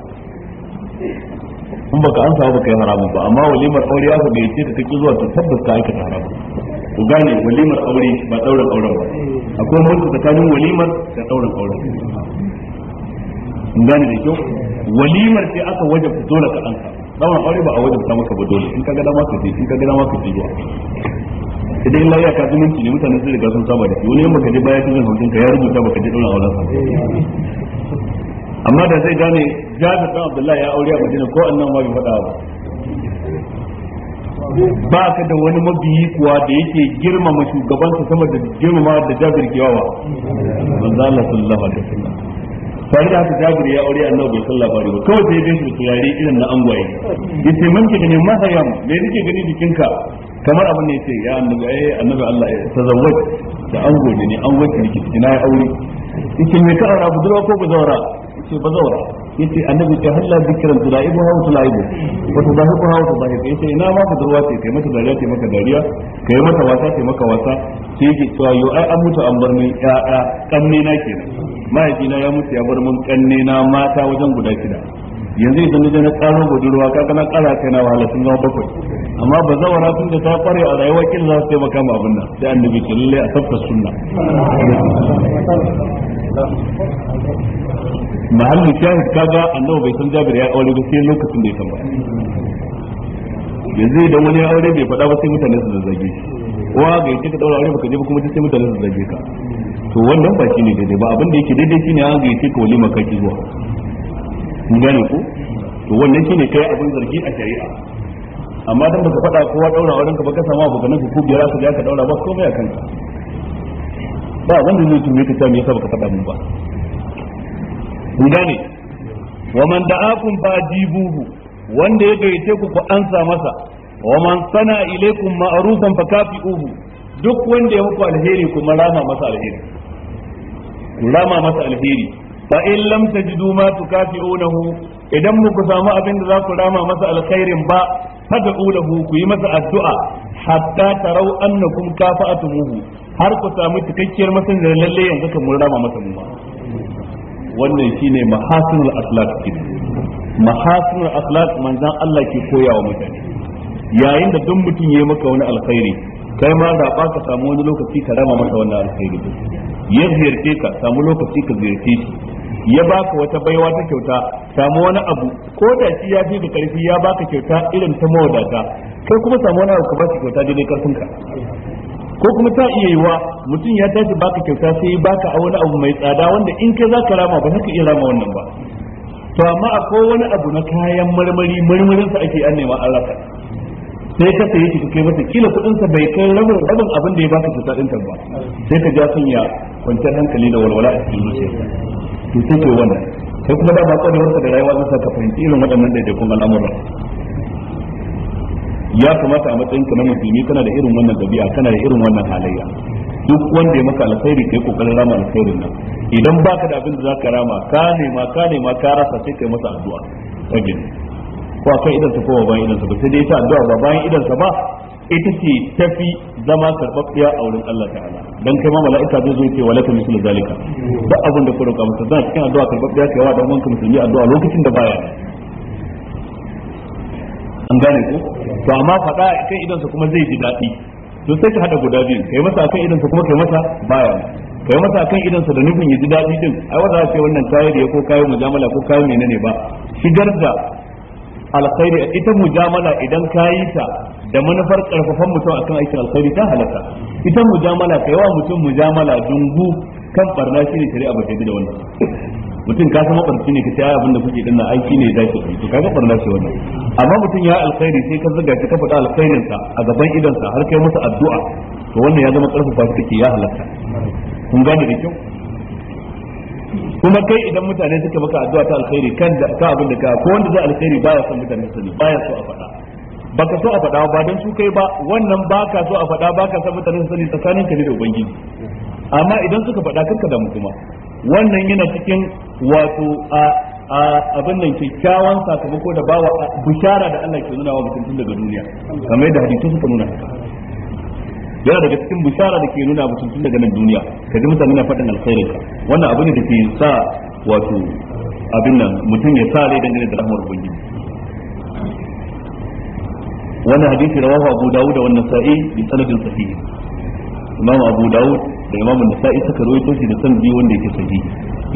in baka ansa ba yi haramun ba amma walimar aure ya ka yace ka kake zuwa ta tabbata ka aikata haramun ku gane walimar aure ba ɗaurin auren ba akwai mutu tsakanin walimar da ɗaurin auren kun gane da kyau walimar sai aka wajabta dole ka anka ɗaurin aure ba a wajabta maka ba dole in ka ga dama ka je in ka ga dama ka je zuwa idan Allah ya ne mutane sun riga sun saba da shi wani yamma je baya cikin haukin ka ya rubuta baka je ɗaurin auren sa amma da zai gane jabir dan Abdullahi ya aure a Madina ko annan ma bai faɗa ba ba ka da wani mabiyi kuwa da yake girmama shugabansa sama da girmama da jabir kewa manzo Allah sallallahu alaihi wasallam tare da haka jabir ya aure annabi bai sallah bari ba kawai sai dai su turare irin na angwaye yace man ki ganin mahayam me yake gani jikinka kamar abin ne yace ya annabi ai eh, annabi Allah ya eh, tazawwaj da ango ne an wanke ki na aure yace me ka aura budurwa ko bazawara yace bazawara yace annabi ce halla zikran tulaibu wa tulaibu wa tudahibu wa tudahibu yace ina ma budurwa ce kai mata dariya kai mata dariya kai mata wasa kai maka wasa sai yake cewa yo ai an mutu an bar min ƴaƴa kanne na kenan mahaifina ya mutu ya bar mun kanne na mata wajen guda shida yanzu idan naje na karo budurwa kaka na kara kai na wahala sun zama bakwai amma ba zawara tun da ta kware a rayuwa kin za su taimaka ma abin nan sai annabi ce lalle a tafka sunna mahallin shahid kaga annabi bai san jabir ya aure ba sai lokacin da ya tambaya yanzu idan wani ya aure bai faɗa ba sai mutane su zage shi kowa ga yace ka daura aure baka je ba kuma sai mutane su zage ka to wannan ba shine daidai ba abin da yake daidai shine an ga yace ka walima kake zuwa kun gane ku? to wannan shine kai abin zargi a shari'a amma dan baka faɗa kowa daura wurin ka ba ka samu abokan ku ku biyar ka ka daura ba komai a kanka ba wanda ne tume yake ta me yasa baka faɗa mun ba kun gane wa man da'akum fajibuhu wanda ya gayyace ku ku ansa masa wa man sana ilaykum ma'rufan fakafi'uhu duk wanda ya muku alheri kuma rama masa alheri rama masa alheri fa in lam tajidu ma tukafi'unahu idan muku samu abin da za ku rama masa alkhairin ba fad'u lahu ku yi masa addu'a hatta tarau annakum muhu, har ku samu cikakkiyar masan da lalle yanzu kan mun rama masa mu wannan shine mahasinul akhlaq kin mahasinul akhlaq manzan Allah ke koyawa mutane yayin da duk mutum yayi maka wani alkhairi kai ma da ba ka samu wani lokaci ka rama masa wannan alkhairi ya ziyarce ka samu lokaci ka ziyarce shi ya baka wata baiwa ta kyauta samu wani abu ko da shi ya fi da karfi ya baka kyauta irin ta mawadata kai kuma samu wani abu ka ba kyauta daidai karfin ka ko kuma ta iya yiwa mutum ya tashi baka kyauta sai baka a wani abu mai tsada wanda in kai zaka rama ba za ka iya rama wannan ba to amma akwai wani abu na kayan marmari marmarin sa ake an nema an sai ka sayi ka kai masa kila kudin sa bai kai rabin rabin abin da ya baka kyauta din ba sai ka ja sanya ya kwanciyar hankali da walwala a cikin zuciyarka to sai ke wannan sai kuma da ne wanda da rayuwa zai saka fahimci irin waɗannan kuma al'amuran ya kamata a matsayin ka na musulmi kana da irin wannan dabi'a kana da irin wannan halayya duk wanda ya maka alkhairi kai kokarin rama alkhairin nan idan baka da abin da zaka rama ka nema ka nema ka rasa sai kai masa addu'a rage ko akan idan ta kowa bayan idan ta ba sai dai ta addu'a ba bayan idan ta ba ita ce tafi zama karɓaɓɓiya a wurin Allah ta'ala dan kai ma mala'ika zai zo yace walaka misal zalika da abin da ku roƙa masa zan cikin addu'a karɓaɓɓiya kai wa dan wanka musulmi addu'a lokacin da baya an gane ku to amma faɗa kai idan sa kuma zai ji daɗi to sai ka hada guda biyu kai masa akan idan sa kuma kai masa baya kai masa akan idan sa da nufin ya ji daɗi din ai wanda ce wannan kayi da ya ko kayan mujamala ko kayi menene ba shigar da alkhairi ita mujamala idan ka yi ta da manufar karfafan mutum akan aikin alkhairi ta halatta ita mujamala ka wa mutum mujamala dungu kan barna shine shari'a ba ta da wannan mutum ka san mabarci ne ka ce abin da kuke dinnan aiki ne da shi to kaga barna shi wannan amma mutum ya alkhairi sai ka zuga shi ka faɗa alkhairin sa a gaban idan sa har kai masa addu'a to wannan ya zama karfafa shi kake ya halatta kun gane da kyau kuma kai idan mutane suka maka addu'a ta alkhairi kan da ka abin da ka ko wanda zai alkhairi baya son mutane su sani baya so a faɗa baka so a faɗa ba dan su kai ba wannan baka so a faɗa baka son mutane su sani tsakanin ka ne da ubangiji amma idan suka faɗa kanka mu kuma wannan yana cikin wato a abin nan kyakkyawan sakamako da bawa bishara da Allah ke nuna wa mutum tun daga duniya kamar yadda hadisi suka nuna haka yana daga cikin bishara da ke nuna mutum tun daga nan duniya ka ji mutane na faɗin alkhairin wannan abu ne da ke sa wato abin nan mutum ya sa rai dangane da rahmar ubangiji wannan hadisi rawahu abu dawud da wannan sa'i bi sanadin sahihi imam abu dawud da imam an-nasa'i suka rawaito shi da san wanda yake sahihi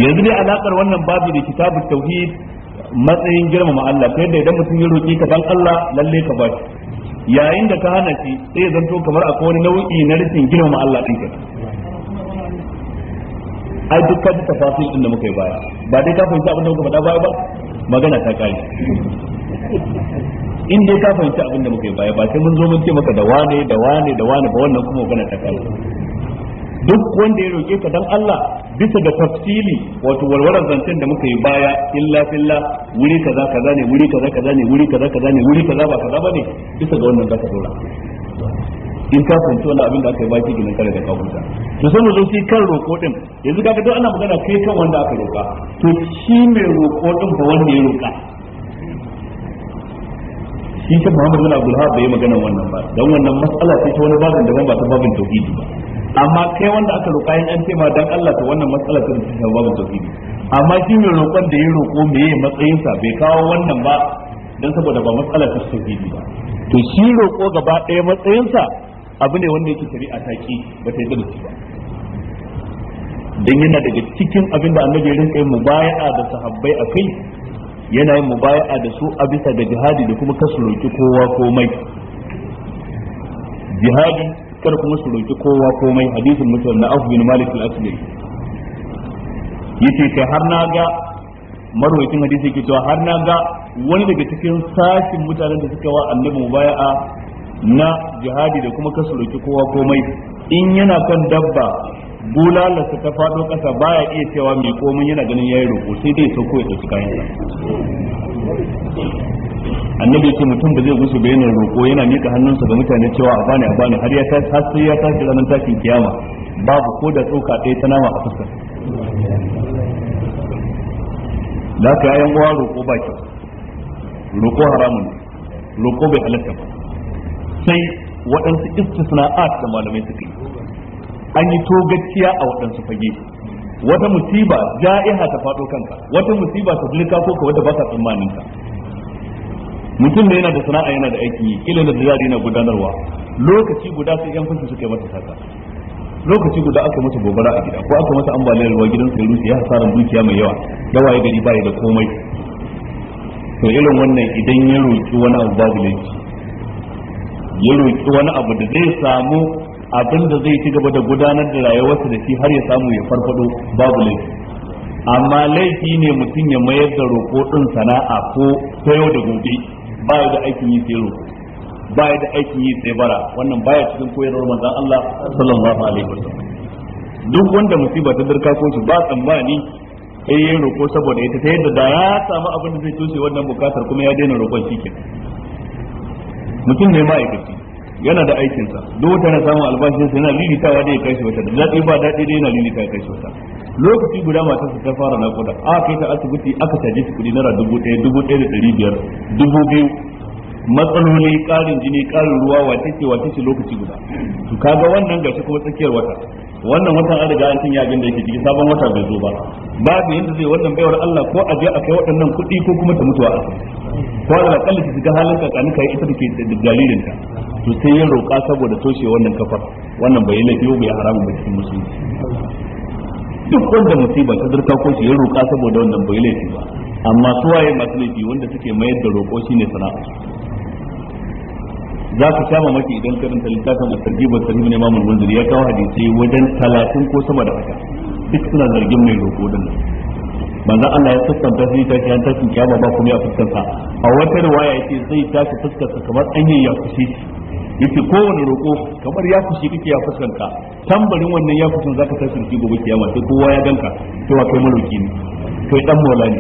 yanzu dai alakar wannan babu da kitabut tauhid matsayin girmama Allah ta yadda idan mutum ya roki ka dan Allah lalle ka ba shi yayin da ka hana shi sai zanto kamar akwai wani nau'i na rashin girmama Allah din ka ai duk ka ji tafasil din da muka yi baya ba dai ka fahimci abin da muka faɗa baya ba magana ta kai in dai ka fahimci abin da muka yi baya ba sai mun zo mun ce maka da wane da wane da wane ba wannan kuma magana ta kai duk wanda ya roke ka dan Allah bisa da tafsili wato walwalar zancen da muka yi baya illa filla wuri kaza kaza ne wuri kaza kaza ne wuri kaza kaza ne wuri kaza ba kaza bane bisa ga wannan zaka dora in ka fahimci wannan abin da aka yi baki ginin kare da ka to sai mu zo shi kan roko din yanzu kaga duk ana magana kai kan wanda aka roka to shi mai roko din ba wanda ya roka shi ta Muhammad bin Abdul Wahhab bai magana wannan ba dan wannan matsala ce ta wani babin daban ba ta babin tauhidi ba amma kai wanda aka roƙa in an ce ma dan Allah to wannan matsala ta ba, babu tauhidi amma shi mai roƙon da ya roƙo me meye matsayinsa bai kawo wannan ba dan saboda ba matsala ta tauhidi ba to shi roƙo gaba ɗaya matsayinsa abu ne wanda yake shari'a ta ki ba ta yi ba dan yana daga cikin abin da annabi ya rinka yin mubaya'a da sahabbai akai yana yin mubaya'a da su a bisa da jihadi da kuma kasu roki kowa komai jihadi kar kuma su roki kowa komai hadisin mutum na abu bin Malik al-Asli yace kai har na ga marwayin hadisi yake cewa har na ga wani daga cikin sashin mutanen da suka wa annabi mubaya'a na jihadi da kuma kasu roki kowa komai in yana kan dabba bulalarsa ta faɗo ƙasa baya iya cewa mai komai yana ganin yayi roƙo sai dai sauko ya ɗauki kayan annabi ce mutum ba zai gusu bayanin roƙo yana mika hannunsa ga mutane cewa a bani a bani har ya tashi sai ya tashi ranar tashin kiyama babu ko da tsoka ɗaya ta nama a fuskar da aka yayan uwa roƙo ba kyau roƙo haramun roƙo bai halatta ba sai waɗansu istisna'at da malamai suka yi an yi togacciya a waɗansu fage wata musiba ja'iha ta faɗo kanka wata musiba ta bulika ko ka wata ba ka tsammanin ka mutum ne yana da sana'a yana da aiki kila da zari na gudanarwa lokaci guda sai yan fashi suka mata masa saka lokaci guda aka masa gobara a gida ko aka masa ambaliyar ruwa gidan sai rufe ya hasaran dukiya mai yawa yawa ya gari bai da komai to irin wannan idan ya roki wani abu babu laifi ya roki wani abu da zai samu abin da zai ci gaba da gudanar da rayuwarsa da shi har ya samu ya farfado babu laifi amma laifi ne mutum ya mayar da roƙo ɗin sana'a ko ta yau da gobe ba da aikin yi sai roƙo ba da aikin yi sai bara wannan baya cikin koyarwar manzon Allah sallallahu alaihi wasallam duk wanda musiba ta dirka ko su ba tsammani ya yin roƙo saboda ita ta yadda da ya samu abin da zai tushe wannan bukatar kuma ya daina roƙon shi kenan mutum ne ma'aikaci yana da aikin sa duk wata na samun albashin sa yana lilitawa da ya kai shi wata da dadi ba dadi dai yana lilita ya kai shi wata lokaci guda matar ta fara nakuda aka kai ta asibiti aka caje shi kudi naira dubu ɗaya dubu ɗaya da ɗari biyar dubu biyu matsaloli ƙarin jini ƙarin ruwa wace ce wace ce lokaci guda to kaga wannan gashi kuma tsakiyar wata wannan watan an riga an cinye abin da yake ciki sabon wata bai zo ba babu yanda zai wannan baiwar Allah ko a je a kai waɗannan kuɗi ko kuma ta mutuwa a ko da kalli ta shiga halin kakani yi ita take da jaririn ta to sai yin roƙa saboda toshe wannan kafar wannan bai laifi bai haramu ba cikin musulunci duk wanda musiba ta zurka ko shi yin roƙa saboda wannan bai laifi ba amma su waye masu laifi wanda suke mayar da roƙo shine sana'a za su sha mamaki idan karanta littafin a sarki ne mamun munziri ya kawo hadisi wajen talatin ko sama da haka duk suna zargin mai roƙo din nan manzon Allah ya fuskanta sai ta an tashi kiyama ba kuma ya fuskanta a wata riwaya yace zai tashi fuskanta kamar an yi ya kushi yace kowane roƙo kamar ya kushi kake ya fuskanta tambarin wannan ya kushin zaka tashi ki gobe kiyama sai kowa ya ganka to kai maroki ne kai dan mola ne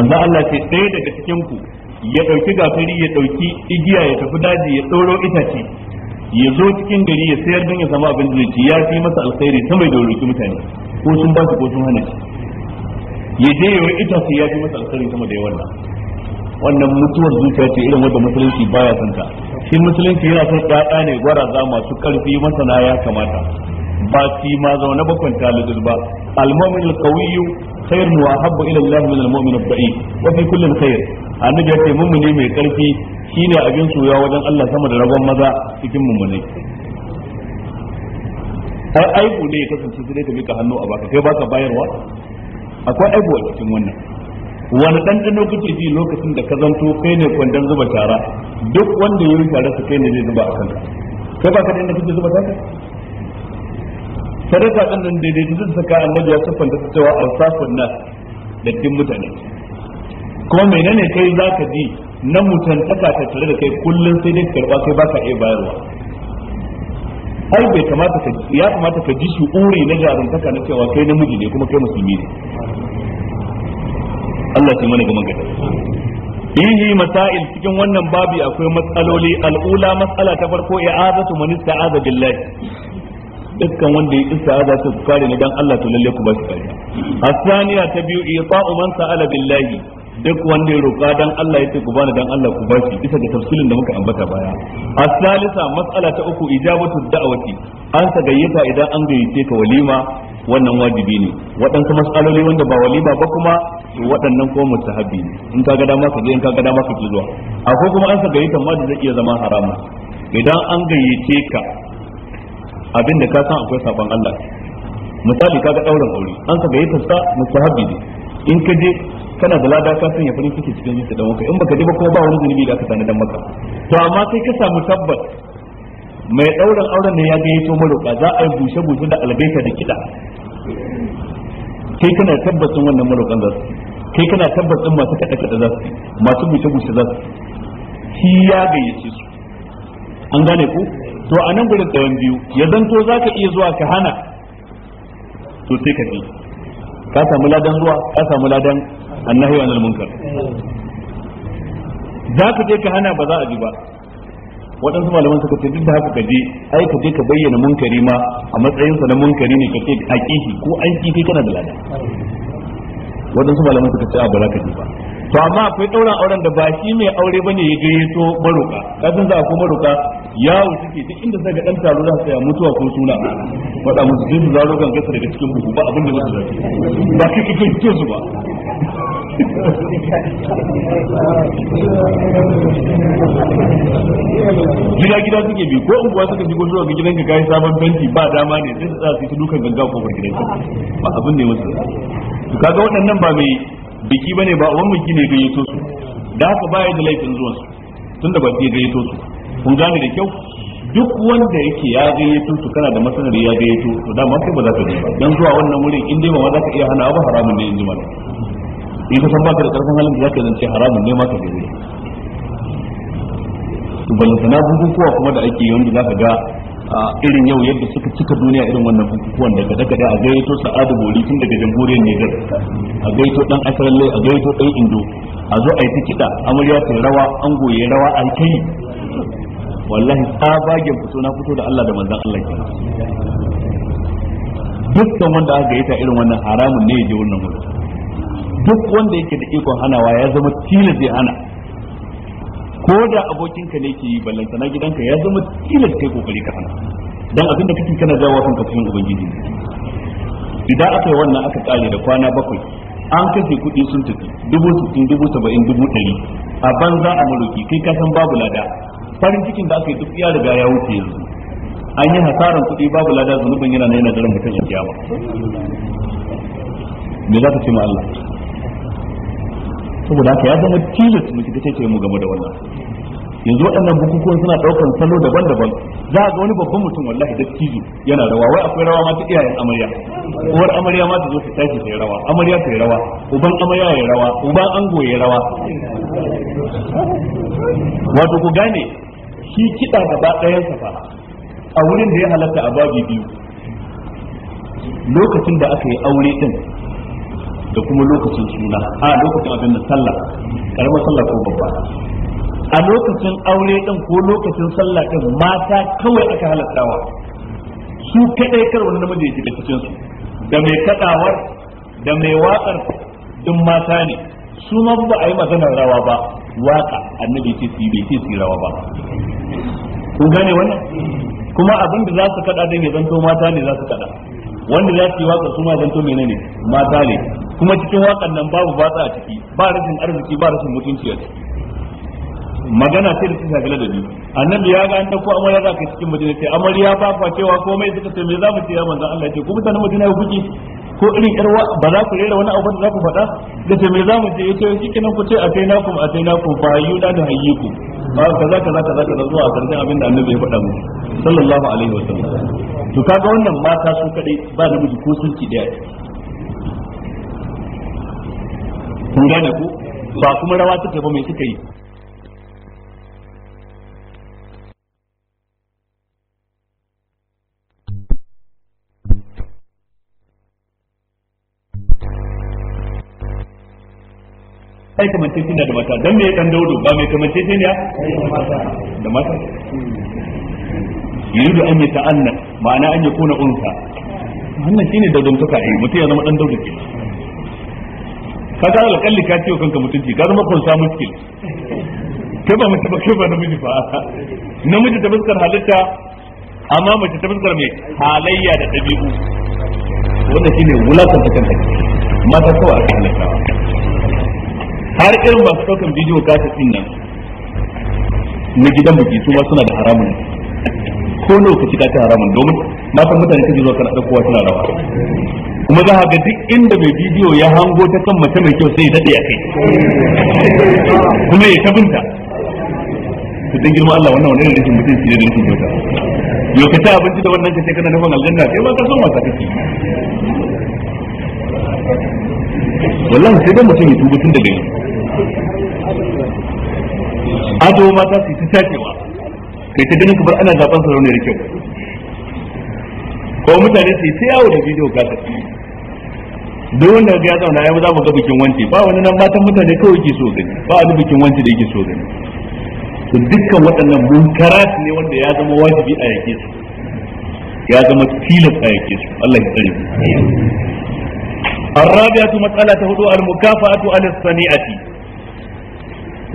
manzon Allah ce ɗaya daga cikin ku ya ɗauki gafiri ya ɗauki igiya ya tafi daji ya tsoro itace ya zo cikin gari ya sayar don ya samu abin da ci ya fi masa alkhairi sama da roki mutane ko sun ba su ko sun hana shi ya je ya yi ita ya fi masa alkhairi ta da yawan wannan mutuwar zuciya ce irin wanda musulunci baya son ta shi musulunci yana son ɗaɗa ne gwara za masu ƙarfi masana ya kamata ba fi ma zaune ba kwanta ba Almomin alkawiyu al mu khairun wa habbu ila Allah min Wafi kullum sayar. daif wa fi khair annabi ya ce mummuni mai karfi shine abin soya wajen Allah sama da ragon maza cikin mummuni ai aibu ne ya kasance sai ka mika hannu a baka kai baka bayarwa akwai aibu a cikin wannan wani ɗanɗano kake ji lokacin da ka zanto kai ne kwandon zuba shara duk wanda ya yi shara su kai ne zai zuba a kanka kai ba ka da inda kake zuba shara sadaka din nan daidai da saka annabi ya siffanta ta cewa alsafun nas da cikin mutane kuma menene kai zaka ji na mutantaka ta tare da kai kullum sai dai karba kai baka iya bayarwa ai bai kamata ka ya kamata ka ji shi ure na jarumtaka na cewa kai namiji ne kuma kai musulmi ne Allah ya mana gaman gada fihi masail cikin wannan babi akwai matsaloli al'ula matsala ta farko i'azatu man ista'aza billahi dukkan wanda ya istihada ta kare ne dan Allah to lalle ku ba shi kariya asaniya ta biyu ita'u man sa'ala billahi duk wanda ya roƙa dan Allah yace ku bani dan Allah ku bashi bisa ga tafsirin da muka ambata baya asalisa mas'ala ta uku ijabatu da'wati an ta gayyata idan an gayyace ka walima wannan wajibi ne waɗansu mas'aloli wanda ba walima ba kuma to waɗannan ko mutahabbi ne in ka ga dama ka je in ka ga dama ka ki zuwa akwai kuma an sa gayyata ma da zai iya zama haramun. idan an gayyace ka Abin da ka san akwai sabon Allah misali kaga dauran aure an saka yi tasta musahabi ne in ka je kana da lada ka san ya farin ciki cikin jinsi da maka in baka je ba kuma ba wani zunubi da aka tana dan maka to amma sai ka samu tabbat mai dauran auren ne ya ga yato maroka za a yi bushe bushe da albaita da kida kai kana tabbacin wannan marokan za su kai kana tabbacin masu kada kada za su masu bushe bushe za su shi ya gayyace su an gane ku to a nan gurin tsawon biyu ya zanto za ka iya zuwa ka hana to sai ka je. ka samu ladan zuwa ka samu ladan annahi wa munkar za ka je ka hana ba za a ji ba waɗansu malaman suka ce duk da haka ka je ai ka je ka bayyana munkari ma a matsayin sa na munkari ne ka ce a kishi ko an kishi kana da ladan waɗansu malaman suka ce a ba za ka je ba to amma akwai ɗaura auren da ba shi mai aure ba ne ya gayyato maruka kafin za a ko maruka yawo suke duk inda sai ga ɗan taro za su ya mutuwa ko suna faɗa musu sai su zaro kan gasa daga cikin buhu ba abin da musu zafi ba kai kake kike su ba gida gida suke bi ko unguwa suka shigo zuwa ga gidanka kai sabon banki ba dama ne sai su tsaya su dukan ganga ko gidanka ba abin da musu zafi to kaga waɗannan ba mai biki bane ba uban biki ne gayyato su da haka ba ya da laifin zuwan su tunda ba su gayyato su kun gane da kyau duk wanda yake ya gayyato su kana da masanar ya gayyato to dama sai ba za ka je ba dan zuwa wannan wurin in dai ba za ka iya hana ba haramun ne in ji mana in ka san ka da karfin halin da zaka zance haramun ne ma ka je wurin to balantana bukukuwa kuma da ake yi wanda za ka ga irin yau yadda suka cika duniya irin wannan bukukuwan da gada gada a gaito sa'adu bori tun daga jamhuriyar niger a gaito dan lai a gaito dan indo a zo a yi ta kiɗa amarya ta rawa an goye rawa an kai wallahi tsabagen fito na fito da allah da manzan allah ke dukkan wanda aka gaita irin wannan haramun ne ya je wannan wuri duk wanda yake da ikon hanawa ya zama tilas ya hana ko da abokinka ne ke yi ballanta na gidanka ya zama tilas kai kokari ka hana dan abin da kake kana jawo kanka cikin ubangiji idan aka yi wannan aka kare da kwana bakwai an kashe kuɗi sun tafi dubu sittin dubu saba'in dubu ɗari a banza a maroki kai ka san babu lada farin cikin da aka yi duk ya riga ya wuce yanzu an yi hasaran kuɗi babu lada zunubin yana na yana jiran mutum a kiyama me za ka ce ma Allah saboda haka ya zama tilas mu kike mu game da wannan yanzu waɗannan bukukuwan suna ɗaukar salo daban-daban za a ga wani babban mutum wallahi da tijo yana rawa wai akwai rawa ma iyayen amarya uwar amarya ma zo ta tashi ta rawa amarya ta rawa uban amarya ya rawa uban ango ya rawa wato ku gane shi kiɗa gaba ɗayan safa a wurin da ya halatta a babi biyu lokacin da aka yi aure din da kuma lokacin suna a lokacin abin da sallah karamar sallah ko babba a lokacin aure ɗin ko lokacin sallah ɗin mata kawai aka halattawa su kadai kar wani namiji yake da cikin su da mai kadawar da mai wakar din mata ne su ma ba a yi maganar rawa ba waka annabi ce su bai ce su rawa ba kun gane wannan kuma abin da za su kada din ya zanto mata ne za su kada wanda za su yi waƙar su ma zanto menene mata ne kuma cikin waƙar nan babu batsa a ciki ba rashin arziki ba rashin mutunci a ciki magana ce da ta gala da biyu annabi ya ga an dauko amarya za ka cikin madina ce amarya ba fa cewa komai suka ce me za mu ce ya manzon Allah ce ku mutanen madina ku kuke ko irin yar ba za ku rera wani abu da za ku faɗa da ce me za mu ce yace nan ku ce a kai nakum a kai yi fa da hayyikum ba za ka za ka zuwa karshen abin da annabi ya faɗa mu sallallahu alaihi wasallam to kaga wannan mata su kadai ba da miji ko sun ki daya kun gane ku ba kuma rawa take ba mai suka yi ai kamance tana da mata dan me dan daudu ba mai kamance ne da mata da an ta'anna ma'ana an kuna unsa wannan shine tuka eh mutum ya zama dan daudu ke ka ga alƙalli ka ciwo kanka mutunci ka zama kunsa muskil kai ba mace ba kai ba namiji ba namiji ta fuskar halitta amma mace ta fuskar mai halayya da ɗabi'u wannan shine wulakanta kanta mata kawai a kan har irin masu ɗaukan bidiyo ga ta nan na gidan buki su ma suna da haramun ko ne ku cika ta haramun domin san mutane kaje zuwa kana ɗaukowa suna rawa kuma za ka ga duk inda mai bidiyo ya hango ta kan mace mai kyau sai ya daɗe a kai kuma ya tabinta ku dan girma Allah wannan wani rikin mutum shi ne da rikin kyauta yau ka ci abinci da wannan ka sai kana nufin aljanna sai ma ka so wasa kake wallahi sai dai mutum ya tuba tun daga yau ado mata su ta tacewa kai ta ganin kamar ana zaben sarauniyar kyau ko mutane su sai yawo da bidiyo gasa duk wanda ya zauna ya za mu ga bikin wanti ba wani nan matan mutane kawai ke so gani ba wani bikin wanti da yake so gani to dukkan waɗannan munkarat ne wanda ya zama wajibi a yake su ya zama tilas a yake su Allah ya tsare mu الرابعة مسألة هدوء المكافأة على الصنيئة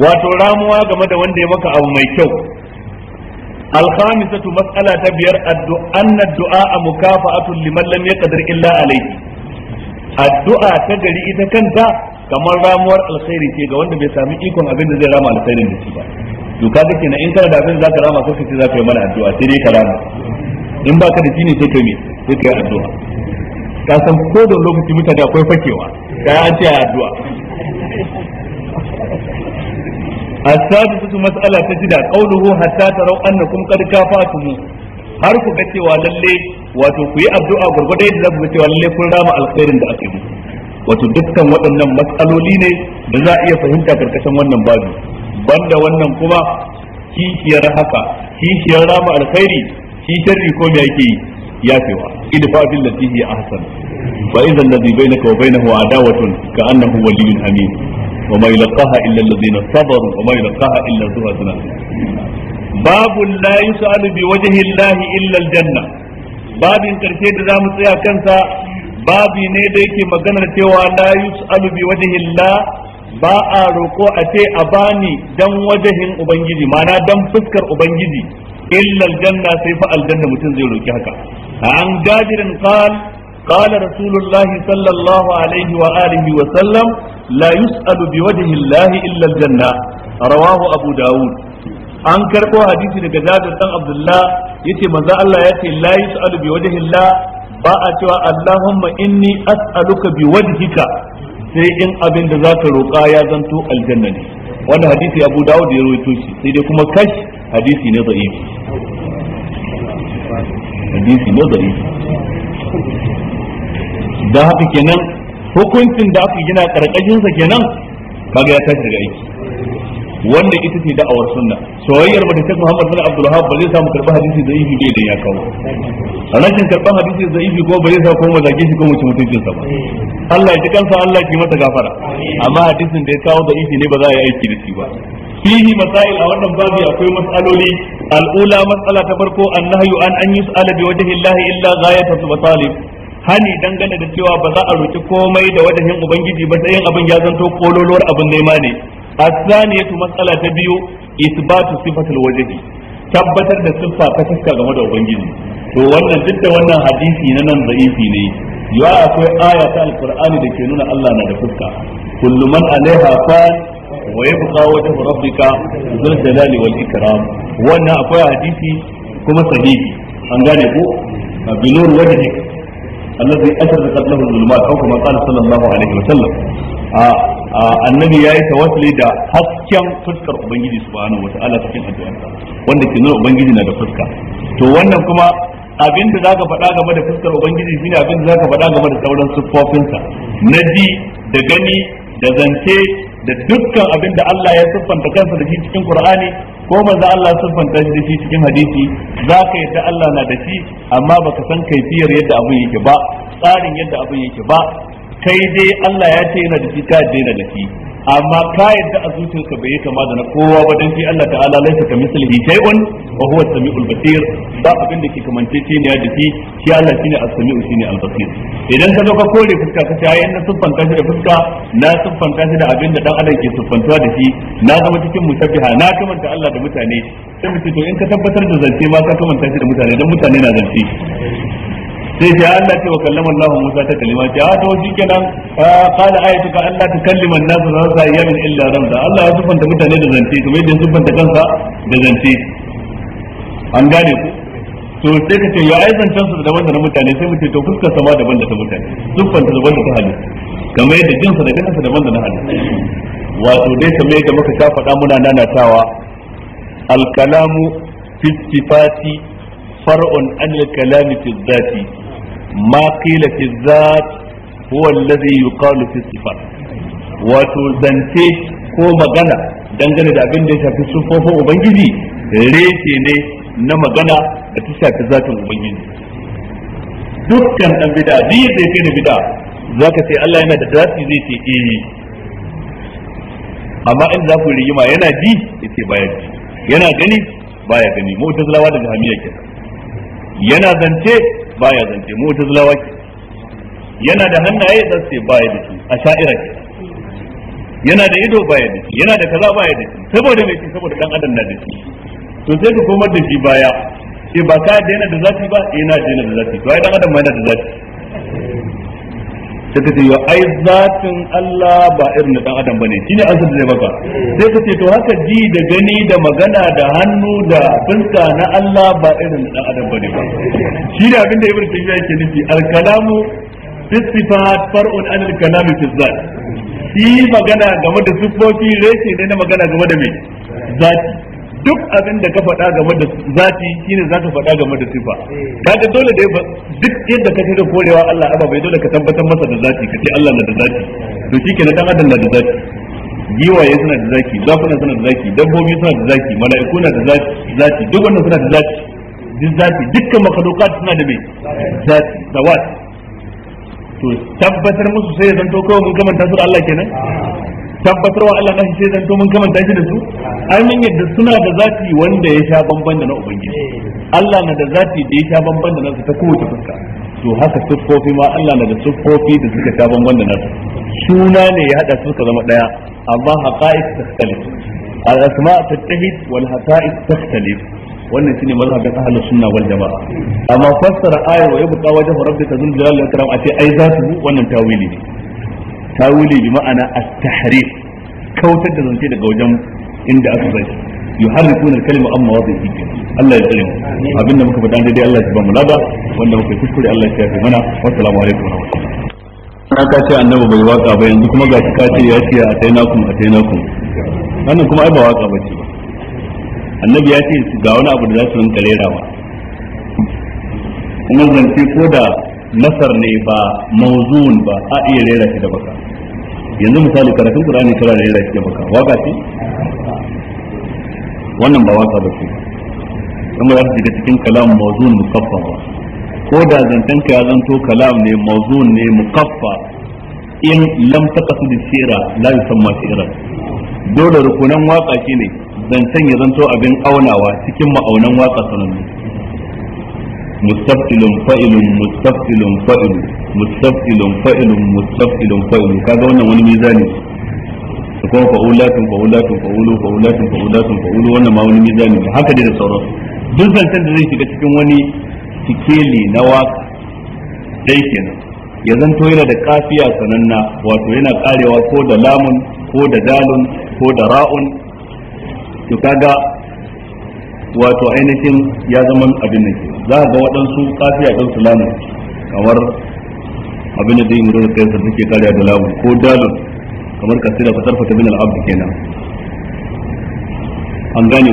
وتراموا كما دوان دي مكا أو ميكو الخامسة مسألة تبير أن الدعاء مكافأة لمن لم يقدر إلا عليه الدعاء تجري إذا كنت kamar ramuwar alkhairi ce ga wanda bai sami ikon abin da zai rama alkhairin da shi ba to kaga na, in kana da abin zaka rama ko kace zaka yi mana addu'a sai dai ka rama in baka da shi ne sai ka yi addu'a ka san ko da lokaci mutane akwai fakewa ka an ce addu'a mas'ala ta ta qauluhu hatta تروا annakum qad كافأتم har ku ga cewa lalle wato ku yi addu'a gurgurda yadda za ku ga cewa lalle kun rama alkhairin da aka yi wato dukkan waɗannan matsaloli ne da za a iya fahimta karkashin wannan babu banda wannan kuma kishiyar haka kishiyar rama alkhairi kishiyar ko me yake yi Ya yafewa idfa bil lati hi ahsan fa idha alladhi bainaka wa bainahu adawatun ka annahu waliyyun hamid wa ma yulqaha illa alladhina sabaru wa ma yulqaha illa dhu babu la yus'alu bi wajhi allahi illa aljanna babin karshe da zamu tsaya kansa babi ne da yake maganar cewa la yus'alu bi wajhi ba a roko a ce a bani dan wajahin ubangiji mana dan fuskar ubangiji illa janna sai fa aljanna mutum zai roki haka an jabirin qal قال رسول الله صلى الله عليه وآله وسلم لا يسأل بوجه الله إلا الجنة رواه an karɓo hadisi daga jabir dan abdullah yace maza Allah ya ce yusalu bi wajhi ba a cewa Allahumma inni as'aluka bi wajhika sai in abin da zaka roƙa ya zanto aljanna wannan hadisi Abu Dawud ya rawaito shi sai dai kuma kash hadisi ne da'ifi hadisi ne da'ifi da haka kenan hukuncin da aka gina karkashin sa kenan kaga ya tashi daga aiki wanda ita ce da'awar sunna soyayyar mata ta Muhammad bin Abdul Wahab ba zai samu karba hadisi da'ifi bai da ya kawo rashin karban hadisi da'ifi ko ba zai sa ko zage shi ko mutum mutuncin sa ba Allah ya ji kansa Allah ya mata gafara amma hadisin da ya kawo da'ifi ne ba za a yi aiki da shi ba fihi masail a wannan babi akwai mas'aloli al'ula matsala ta farko annahyu an an yus'ala bi wajhi Allah illa ghayatatu masalib hani dangane da cewa ba za a roki komai da wajen ubangiji ba sai yin abin ya zanto kololuwar abin nema ne asaniyatu matsala ta biyu isbatu sifatul wajhi tabbatar da siffa ta fuska game da ubangiji to wannan duk da wannan hadisi na nan za'ifi ne ya akwai aya ta alqur'ani da ke nuna Allah na da fuska kullu man alaiha fan wa yabqa wajhu rabbika dhul jalali wal ikram wannan akwai hadisi kuma sahihi an gane ko binur wajhik allazi ashraqat lahu dhulumat aw kuma qala sallallahu alaihi wa sallam tawassuli da hasken fuskar ubangiji subhanahu wa ta'ala cikin addu'arsa wanda ke nuna ubangiji na da fuska to wannan kuma abin da zaka faɗa game da fuskar ubangiji ne abin da zaka faɗa game da sauran siffofinsa na ji da gani da zance da dukkan abin da Allah ya siffanta kansa da shi cikin Qur'ani ko manzo Allah ya siffanta shi da shi cikin hadisi zaka yadda Allah na da shi amma baka san kaifiyar yadda abin yake ba tsarin yadda abin yake ba kai dai Allah ya ce yana da shi ka daina da shi amma ka yadda a zuciyarka bai yi kama da na kowa ba dan shi Allah ta'ala laisa ka mislihi shay'un wa huwa as-sami'ul basir ba abin da ke kamance ce ne da shi shi Allah shine as-sami'u shine al-basir idan ka zo ka kore fuska ka ta yayin na siffanta shi da fuska na siffanta shi da abin da dan Allah ke siffantuwa da shi na zama cikin mushabbiha na kamanta Allah da mutane sai mutum to in ka tabbatar da zance ma ka kamanta shi da mutane dan mutane na zance sai sai Allah ce wa kallama Allah Musa ta kalima ce a ah, to shi kenan ah, qala ayatuka Allah ta kallima an-nas za su yamin illa ramza Allah ya sufanta mutane da zance kuma yadda ya sufanta kansa da zance an gane ku to sai ka ce ya ai zancen su daban da na mutane sai mutum to fuskar sama daban da ta mutane sufanta daban da ta hali kamar yadda jinsa da ganinsa daban da na hali wato dai kamar yadda muka ka faɗa muna nanatawa al-kalamu fi sifati far'un an al-kalami fi dhati ma qila fi zat huwa allazi yuqalu fi sifat wato zance ko magana dangane da abin da ya shafi sufofin ubangiji reshe ne na magana da ta shafi zatin ubangiji dukkan dan bid'a zai zai kai da bid'a ka sai Allah yana da zati zai ce eh amma in za ku rigima yana ji ce baya ji yana gani baya gani mu'tazilawa da jahmiya kenan yana zance baya zance mu'tazilawa ke yana da hannaye za sai baya da su a sha'ira ke yana da ido baya da shi yana da kaza baya da shi saboda mai shi saboda dan adam na da shi to sai ka komar da shi baya sai ba ka daina da zafi ba yana eh daina da zafi to ai dan adam ma yana da zafi sai ta ce yo ai zatin Allah ba irin na dan adam bane shine asar da zai baka sai ka ce to haka ji da gani da magana da hannu da fuska na Allah ba irin na dan adam bane ba shi ne abin da ibnu ya yake nufi al kalamu sifat far'un an al kalamu fi magana game da sifofi reshe ne na magana game da me zati duk abin da ka faɗa game da zati shine za ka faɗa game da sifa kaga dole da duk yadda ka shiga korewa Allah aba bai dole ka tabbatar masa da zati ka ce Allah na da zati to ke dan adam na da zati giwaye suna da zaki zafuna suna da zaki dabbobi suna da zaki mala'iku na da zati duk wannan suna da zati duk zati dukkan makhluqat suna da mai zati zawat to tabbatar musu sai ya zanto kawai mun gamanta su Allah kenan tabbatarwa Allah na shi zan to mun kamanta shi da su ai mun yadda suna da zati wanda ya sha bamban da na ubangiji Allah na da zati da ya sha bamban da nasu ta kowace fuska to haka siffofi ma Allah na da siffofi da suka sha bamban da nasu suna ne ya hada su ka zama daya amma haqa'iq takhtalif al-asma' tattahid wal haqa'iq takhtalif wannan shine mazhabin ahlus sunna wal jamaa amma fassara ayatu wa yabqa wajhu rabbika dhul jalali wal ikram ce ai zatu wannan tawili ne tawili bi ma'ana at-tahrif kautar da zance daga wajen inda aka bai yuharrifuna al-kalima amma wadhihi Allah ya tsare mu abinda muka faɗa daidai Allah ya ba mu lada wanda Allah ya mana alaikum wa na ka ce annabi bai waka ba yanzu kuma ga ka ce ya ce a tainakum a tainakum wannan kuma ai ba waka ba ce annabi ya ce ga wani abu da za su rinka rerawa kuma zance ko da nasar ne ba mauzun ba a iya rera shi da baka yanzu misali karatun qur'ani kira da yadda kike baka waka ce wannan ba waka ba ce kuma za shiga cikin kalam mawzun mukaffa ba ko da zantan ka ya zanto kalam ne mawzun ne mukaffa in lam bi sira la yusamma sira dole rukunan waka ne zantan ya zanto abin aunawa cikin ma'aunan waka sanannu mustaqilun fa'ilun mustaqilun fa'ilun mustafilun fa'ilun mustafilun fa'ilun kaga wannan wani mizani da kuma fa'ulatun fa'ulatun fa'ulu fa'ulatun fa'ulatun fa'ulu wannan ma wani mizani ne haka dai da sauran duk zancen da zai shiga cikin wani sikeli na waka dai kenan ya zanto yana da kafiya sananna wato yana karewa ko da lamun ko da dalun ko da ra'un to kaga wato ainihin ya zama abin da ke za ga waɗansu kafiya ɗin su kamar abin da zai mu da kai take kariya da lawu ko dalun kamar kasira ka tarfata min al-abd kenan an gane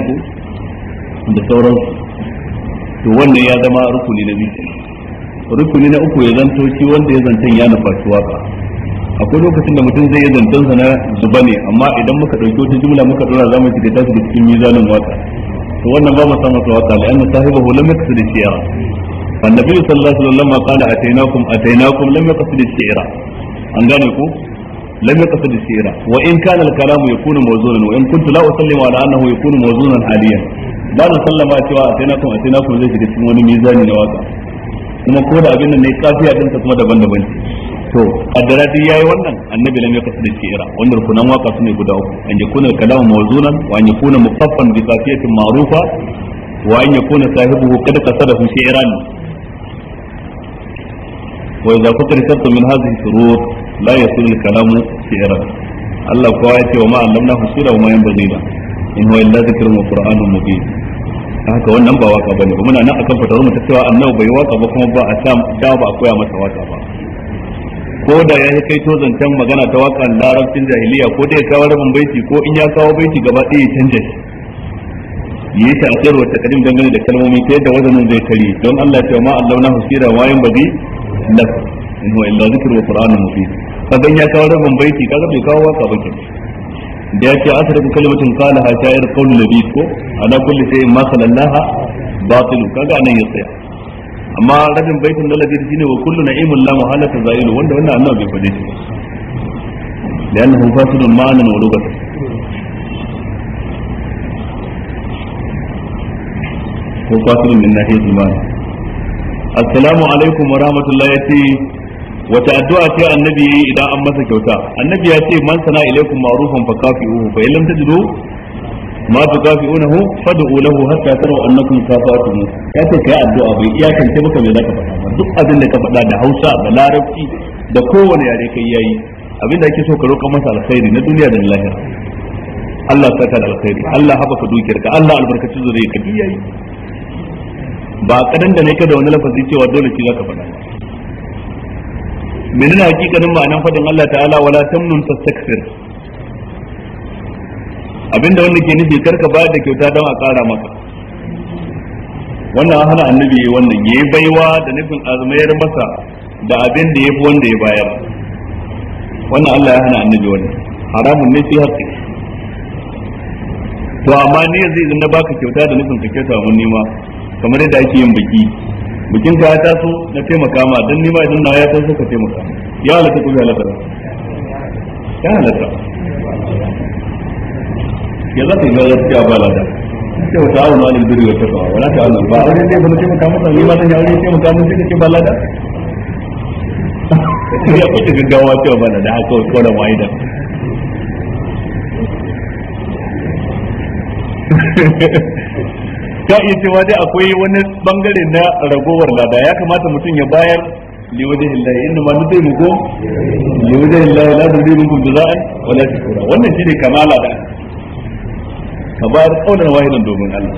ku da sauran to wannan ya zama rukuni na biyu rukuni na uku ya zanto shi wanda ya zantan ya nufa ka akwai lokacin da mutum zai yi sa na zuba ne amma idan muka ɗauki wata jumla muka ɗora za mu shiga tashi da cikin mizanin waka to wannan ba mu san masa waka la'anna sahibahu lam da shiyara annabi صلى الله عليه وسلم atainakum atainakum lam yaqsid shi'ra an gane ku لم يقصد shi'ra wa كان الكلام يكون موزونا yakunu كنت wa in على la يكون موزونا حاليا بعد سلم ba na sallama cewa atainakum atainakum zai shiga cikin wani mizani na kuma ko abin da ne kafiya din kuma daban-daban to kaddara yayi wannan annabi lam da shi'ra wannan kunan waka sune guda uku an yakuna kuna kalam mawzunan wa an yakuna muqaffan bi kafiyatin ma'rufa wa an yakuna sahibuhu qad qasadahu shi'ran وإذا idza fakar shartu min hadhihi shurut la yasiru al-kalamu shi'ran Allah kowa ya ce wa ma allamna husira wa ma yanbaghi la in haka wannan ba waka bane kuma nan akan fatawar mu ta cewa annabi bai waka ba kuma ba a sam da ba a koya masa waka ba ko da ya kai to zancen magana ta wakan larabcin jahiliya ko da ya kawo rabin baiti ko in ya kawo baiti gaba ɗaya ya canja shi yi ta alƙirwa ta kadim dangane da kalmomi ta yadda wazanin zai kari don Allah ya ce ma Allah na husira wayin babi lakum in huwa illa zikru wa qur'anun mubin kaga ya kawo rabin baiti kaga na labid shine wa ko min assalamu alaikum wa rahmatullah ya ce wata addu'a ce annabi yayi idan an masa kyauta annabi ya ce man sana ilaikum ma'rufan fa kafi'uhu fa illam tajidu ma tukafi'unahu fad'u lahu hatta taru annakum kafatuhu ya ce kai addu'a bai iyakan ce baka me zaka faɗa duk abin da ka faɗa da Hausa da Larabci da kowane yare kai yayi abin da ake so ka roƙa masa alkhairi na duniya da lahira Allah saka da alkhairi Allah haɓaka dukiyarka Allah albarkaci zuriyarka duk yayi ba kadan da ne ka da wani lafazi cewa dole shi zaka faɗa menene hakikanin ma'anan faɗin Allah ta'ala wala tamnun tastakfir abinda wanda ke nufi karka bayar da kyauta don a ƙara maka wannan hana annabi wannan, wannan yayi baiwa da nufin azumayar masa da abin da yafi wanda ya bayar wannan Allah ya hana annabi wannan haramun ne fi haƙƙi to amma ne zai na baka kyauta da nufin ka kyauta mun nima kamar yadda ake yin biki bikin ka ya taso na taimaka ma dan nima idan na ya taso ka taimaka ya halatta ka ya halatta ya halatta ya za ka yi gaskiya ba lada wata awon wani biri wata kawai wala ta ba wani ne bane taimaka masa ni ma zan yi taimaka masa sai ka ce ba lada ya kuta gaggawa cewa ba lada haka wata kawai wa'ida Hehehehe ka iya cewa dai akwai wani bangare na ragowar lada ya kamata mutum ya bayar liwajen illahi inda ma nutai muku liwajen illahi la da zai muku jaza'an wala shukura wannan shi ne kamala da ka bayar kaunar wahidan domin Allah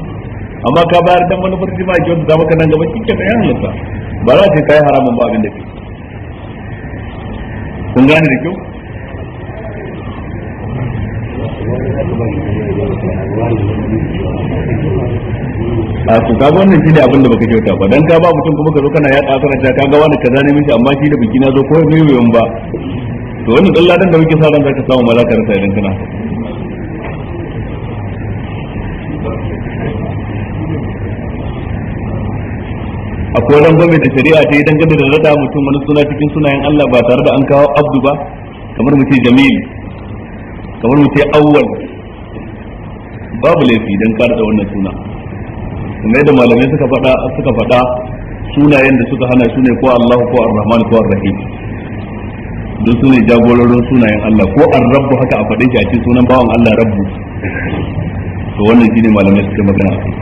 amma ka bayar dan manufar jima ake wanda zama nan gaba kike da yan halitta ba za ka yi haramun ba abin da ke kun gane da kyau a ku ga wannan shine abin da baka kyauta ba dan ka ba mutum kuma ka zo kana yaɗa kana ta kaga wani kaza ne miki amma shi da biki na zo ko bai bai ba to wannan dan ladan da muke sa ran zaka samu malaka rasa idan kana akwai rangwame da shari'a ta yi dangane da rada mutum wani suna cikin sunayen Allah ba tare da an kawo abdu ba kamar mu jamil kamar mu ce awwal babu laifi dan kar da wannan suna kuma yadda malamai suka faɗa suka faɗa sunayen da suka hana su ne ko Allah ko Ar-Rahman ko Ar-Rahim duk su ne jagororin sunayen Allah ko Ar-Rabbu haka a faɗin shi a cikin sunan bawan Allah Rabbu to wannan shine malamai suka magana a kai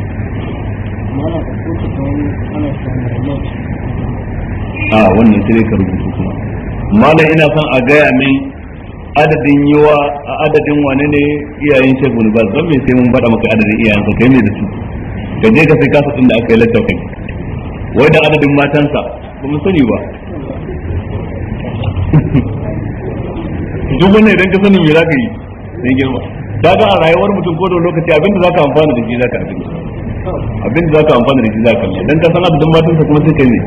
a ah, wannan sai ka rubuta kuma malam ina son a gaya min adadin yawa a adadin wane ne iyayen shek bin baz zan mai sai mun faɗa maka adadin iyayen sa kai ne da su ka je ka sai kasa tun da aka yi latta kai wai da adadin matansa ba mu sani ba duk wannan idan ka sani me za ka yi sai girma ga a rayuwar mutum ko da lokaci abinda ka amfana da shi ka abinda abinda ka amfana da shi ka kalle dan ka san adadin matansa kuma sai kai ne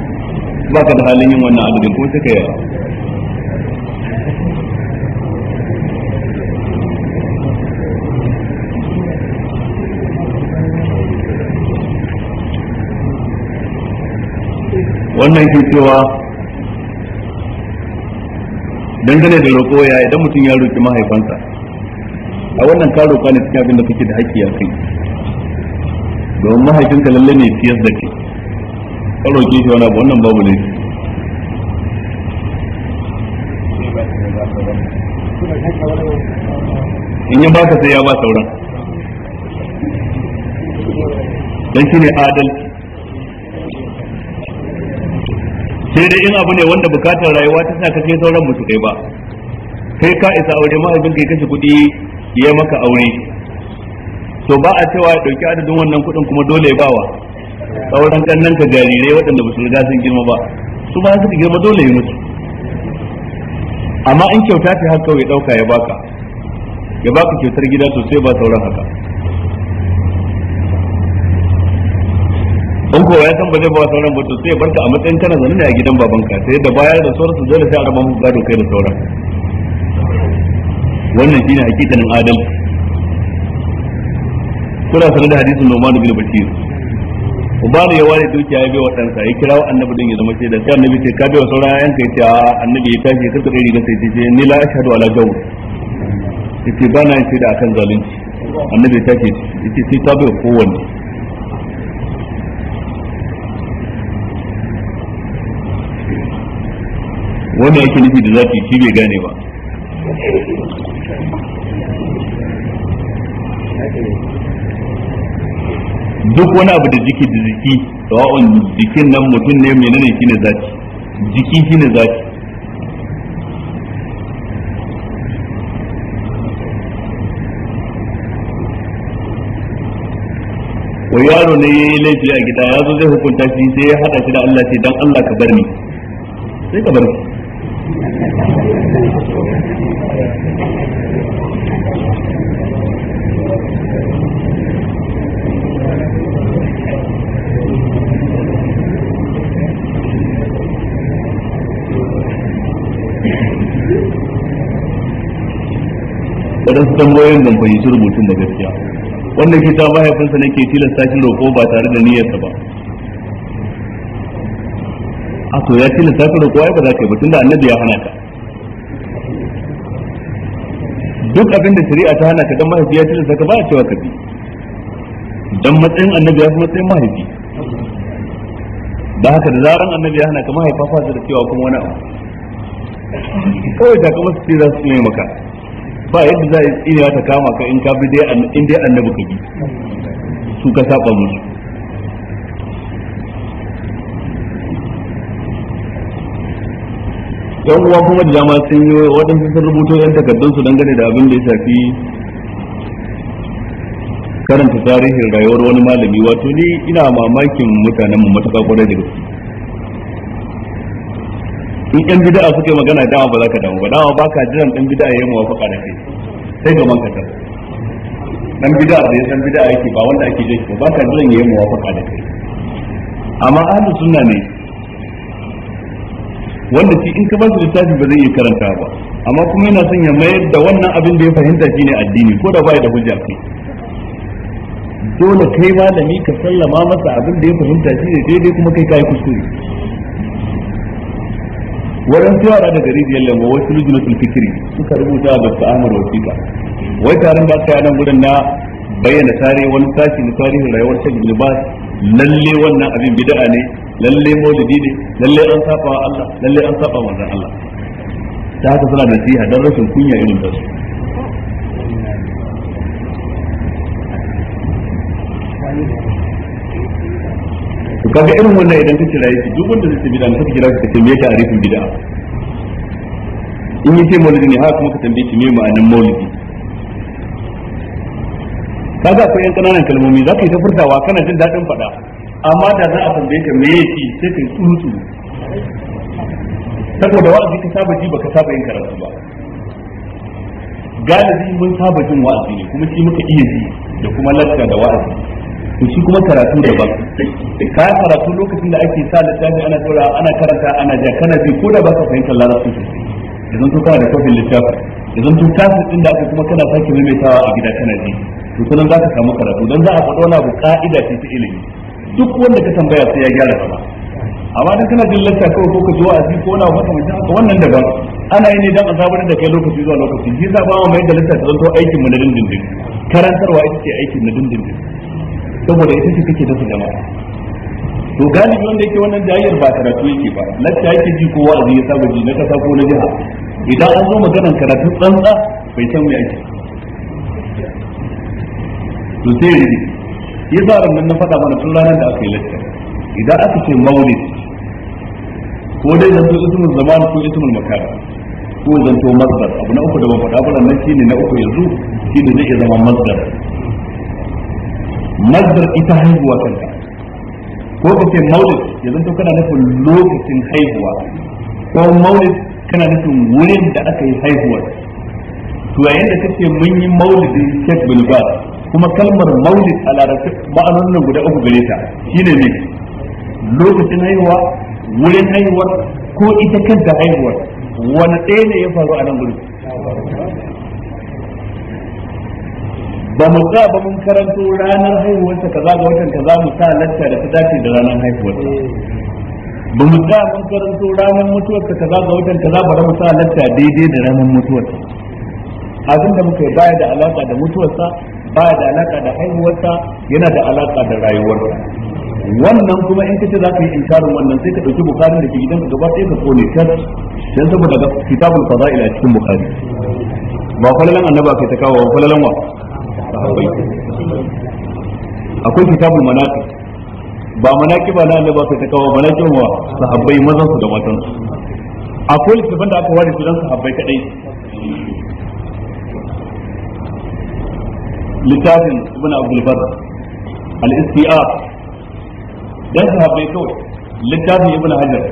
ka da halin yin wannan adadin kuma sai yi wannan ke cewa dangane da roƙo ya idan mutum ya roƙi mahaifansa a wannan ka roƙa ne cikin abin da kake da haƙƙi a kai domin mahaifinka lalle ne fiyar da ke ka roƙe shi wani abu wannan babu ne in ba ka sai ya ba sauran dan ne adalci sai dai in abu ne wanda bukatar rayuwa ta sa kake sauran mutu kai ba kai ka isa aure mahaifin kai kashe kuɗi ya maka aure to ba a cewa ya ɗauki adadin wannan kuɗin kuma dole ya bawa sauran kannan ka jarirai waɗanda ba su riga sun girma ba su ba su girma dole ya mutu amma in kyauta ta haka ya ɗauka ya baka ya baka kyautar gida sosai ba sauran haka in kowa ya san ba zai ba sauran ba to sai barka a matsayin kana ne a gidan babanka sai da bayar da sauransu dole sai a raba muku gado kai da sauran wannan shine hakikanin adam kuna sanar da hadisin Numan bin Bashir Ubani ya ware dukiya ya bai wa ɗansa ya kira wa annabi din ya zama da sai annabi ce ka bai wa sauran yayan kai ce annabi ya tashi karka ɗari na sai ce ni la ashadu ala ya ce ba na yin shaida akan zalunci annabi ya tashi ce sai ta bai kowanne wanda yake nufi da zafi shi bai gane ba duk wani abu da jiki da jiki tsawon jikin nan mutum ne mai nanin shine zafi jiki shine zafi wa yaro ne ya yi laifi a gida ya zo zai hukunta shi sai ya haɗa shi da Allah ce dan Allah ka bar ni sai ka bar ni. waɗansu tambayoyin ban fahimci rubutun da gaskiya wanda ke ta mahaifinsa ne ke tilasta shi roƙo ba tare da niyyarsa ba a to ya tilasta ka roƙo ai ba za ka yi ba tunda annabi ya hana ka duk abin da shari'a ta hana ka dan mahaifi ya tilasta ka ba a cewa ka bi dan matsayin annabi ya fi matsayin mahaifi da haka da zaran annabi ya hana ka mahaifa fa da cewa kuma wani abu kawai ta kuma su ce za su yi maka ba yadda za a yi ta kama ka in ka dai in dai annabi ka su ka saba musu yan uwa kuma da dama sun yi waɗansu sun rubuto yan takardun su dangane da abin da ya shafi karanta tarihin rayuwar wani malami wato ni ina mamakin mutanen mu matuƙa kwarai da gaske in ɗan bida'a suka yi magana dama ba za ka damu ba dama ba ka jiran dan bid'a yi muwafaqa da kai sai ga man kasar dan bid'a da san bid'a yake ba wanda ake jiki ba ka jiran ya yi muwafaqa da kai amma ahlus suna ne wanda shi in ka ba su littafi ba zai iya karanta ba amma kuma yana son ya mayar da wannan abin da ya fahimta shi ne addini ko da bai da hujja kai dole kai malami ka sallama masa abin da ya fahimta shine daidai kuma kai kayi kuskure waɗansu yara gari da yalla wai wasu lujuna sun fikiri suka rubuta ga dr ahmad wasifa. wai taron ba sai nan gudun na bayyana tare wani sashi na tarihin rayuwar shek Ibn bas lalle wannan abin bid'a ne lalle maulidi ne lalle an saba wa Allah lalle an saba wa Allah ta haka suna da nasiha dan rashin kunya irin da su kaga irin wannan idan ka kira ki duk wanda zai bid'a ka kira ka me yake arifin bid'a in yace maulidi ne haka kuma ka tambaye shi me ma'anar maulidi kaga akwai yan kananan kalmomi zaka yi ta furtawa kana jin dadin faɗa amma da za a tambaye ka me yake sai ka tsuntsu saboda wa'azi ka saba ji baka saba yin karatu ba galibi mun saba jin wa'azi ne kuma shi muka iya ji da kuma lakka da wa'azi to shi kuma karatu da ba ka karatu lokacin da ake sa littafi ana tura ana karanta ana ja kana bi ko da ba ka fahimtar larabci sosai idan to kana da kofin littafi idan to kasu din da aka kuma kana sake maimaitawa a gida kana ji to kuma za ka samu karatu dan za a faɗo na abu ka'ida ce ta ilimi duk wanda ka tambaya sai ya gyara gaba amma dan kana jin lacca kawai ko ka zo a ji ko na wata mutum ka wannan daban ana yi ne dan azabar da kai lokaci zuwa lokaci shi yasa ba mu mai da lacca zan zanto aikin mu na dindindin karantarwa ita ce aikin na dindindin saboda ita ce take dafa jama'a to galibi wanda yake wannan jayyar ba karatu yake ba lacca yake ji kowa wa'azi ya saba ji na kasa ko na jiha idan an zo maganar karatu tsantsa bai san me ake to sai ya sa ranar na faɗa mana tun ranar da aka yi lacca idan aka ce maulid ko dai zanto ismul zaman ko ismul makara ko zanto mazdar abu na uku da ban faɗa ba nan shine na uku yanzu shine zai zama mazdar nazar ita haihuwa kanta ko ka ce maulid ya zanto kana nufin lokacin haihuwa ko maulid kana nufin wurin da aka yi haihuwar to yayin da kace mun yi maulidin Sheikh bin Baz kuma kalmar maulid a larabci nan guda uku gare ta shine ne lokacin haihuwa wurin haihuwar ko ita kanta haihuwar wani ɗaya ne ya faru a nan gurin ba mu tsaya ba mun karanto ranar haihuwarta kaza ga watan kaza mu sa lacca da ta dace da ranar haihuwarta ba mu tsaya mun karanto ranar mutuwarta kaza ga watan kaza ba mu sa lacca daidai da ranar mutuwarta abin da muka yi baya da alaka da mutuwarsa baya da alaka da haihuwarsa yana da alaka da rayuwarsa wannan kuma in kace za ka yi inkarin wannan sai ka dauki bukarin da ke gidan ka gaba sai ka kone ta dan saboda kitabul fada'il a cikin bukari ba falalan annaba kai ta kawo ba falalan wa akwai kitabun manaki ba ba na Allah ba sai ta kawo manaki wa sahabbai mazan su da matan su akwai littafin da aka ware su dan sahabbai kadai littafin ibn abdul bar al-istiar dan sahabbai to littafin ibn hajar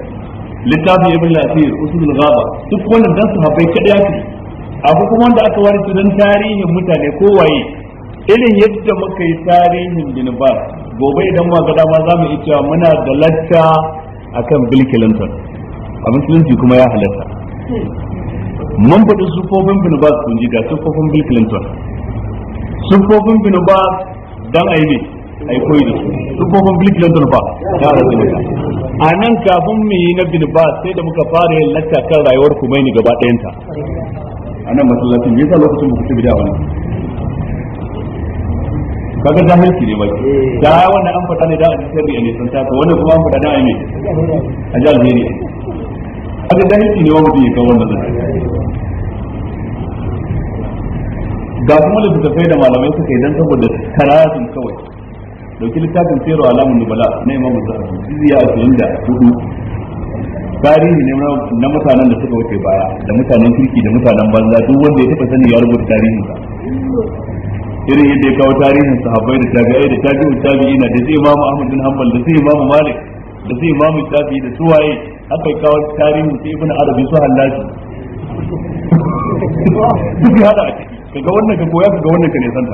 littafin ibn al-asir usul al-ghaba duk wannan dan sahabbai kadai ake A hukumar da aka warke don tarihin mutane kowaye irin yadda muka yi tarihin jinibar gobe idan ma gada ma za mu yi cewa muna da latta akan bill clinton a musulunci kuma ya halatta mun faɗi sufofin bin sun ji ga sufofin bill clinton sufofin bin don a yi ne a yi koyi da su sufofin bill clinton ba ta rasu ne a nan kafin mu yi na bin sai da muka fara yin latta kan rayuwar kumaini gaba ɗayanta a nan masallacin me yasa lokacin ba ku tafi da wannan kaga jahilci ne ba eh. da wannan an faɗa ne da a cikin ne ta ko wannan kuma an faɗa da a ne a jahilci ne kaga jahilci ne wa mutum ya kawo wannan zai ga kuma littattafai da malamai suka yi don saboda karatun kawai dauki littafin sayarwa alamun nubala na imamu zahabi jiziya ashirin da hudu tarihi ne na mutanen da suka wuce baya da mutanen kirki da mutanen banza duk wanda ya taba sani ya rubuta tarihin sa irin yadda ya kawo tarihin sahabbai da tabi'ai da tabi'u na da sai imamu ahmad bin hanbal da sai imamu malik da sai imamu shafi da suwaye aka kawo tarihin sai ibnu arabi su hallaji duk hada a ciki kaga wannan ka koya kaga wannan ka ne santa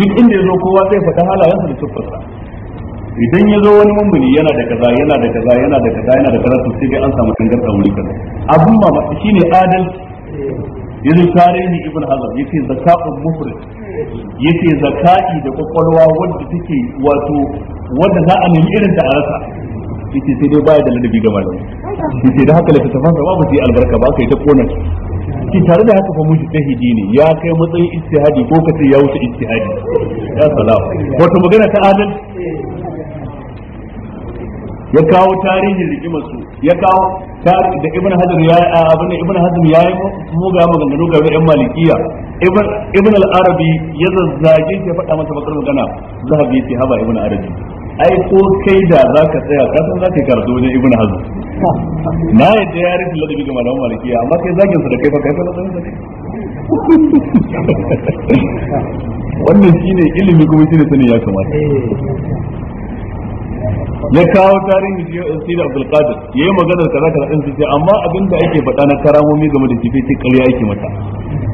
duk inda yazo kowa zai faɗa halayensa da tuffasa. idan ya zo wani mummuni yana da kaza yana da kaza yana da kaza yana da kaza to sai dai an samu tangarda wuri kaza abun ma shine adalci yanzu tarihi ibn hazar yace zakatun mufrid yace zakati da kokolwa wanda take wato wanda za a nemi irin ta a rasa yace sai dai baya da ladabi ga malami yace da haka littafin sa babu sai albarka ba kai ta kona ki tare da haka fa mujtahidi ne ya kai matsayin istihadi ko kace ya wuce istihadi ya salama wato magana ta adal. ya kawo tarihin rigimar su ya kawo da ibn hajar ya abin ibn hajar ya yi muga maganganu ga yan malikiya ibn al-arabi ya zazzage ya faɗa masa bakar magana zahabi ya ce haba ibn arabi ai ko kai da za ka tsaya ka san za ka karatu wajen ibn hajar na yadda ya rufe ladabi ga malaman malikiya amma kai zagin su da kai fa kai fa wannan shine ilimi kuma shine sanin ya kamata eh. ya kawo tarihi shi sai da Abdul Qadir yayi maganar kaza kaza din sai amma abin da ake faɗa na karamomi game da kifi sai ƙarya yake mata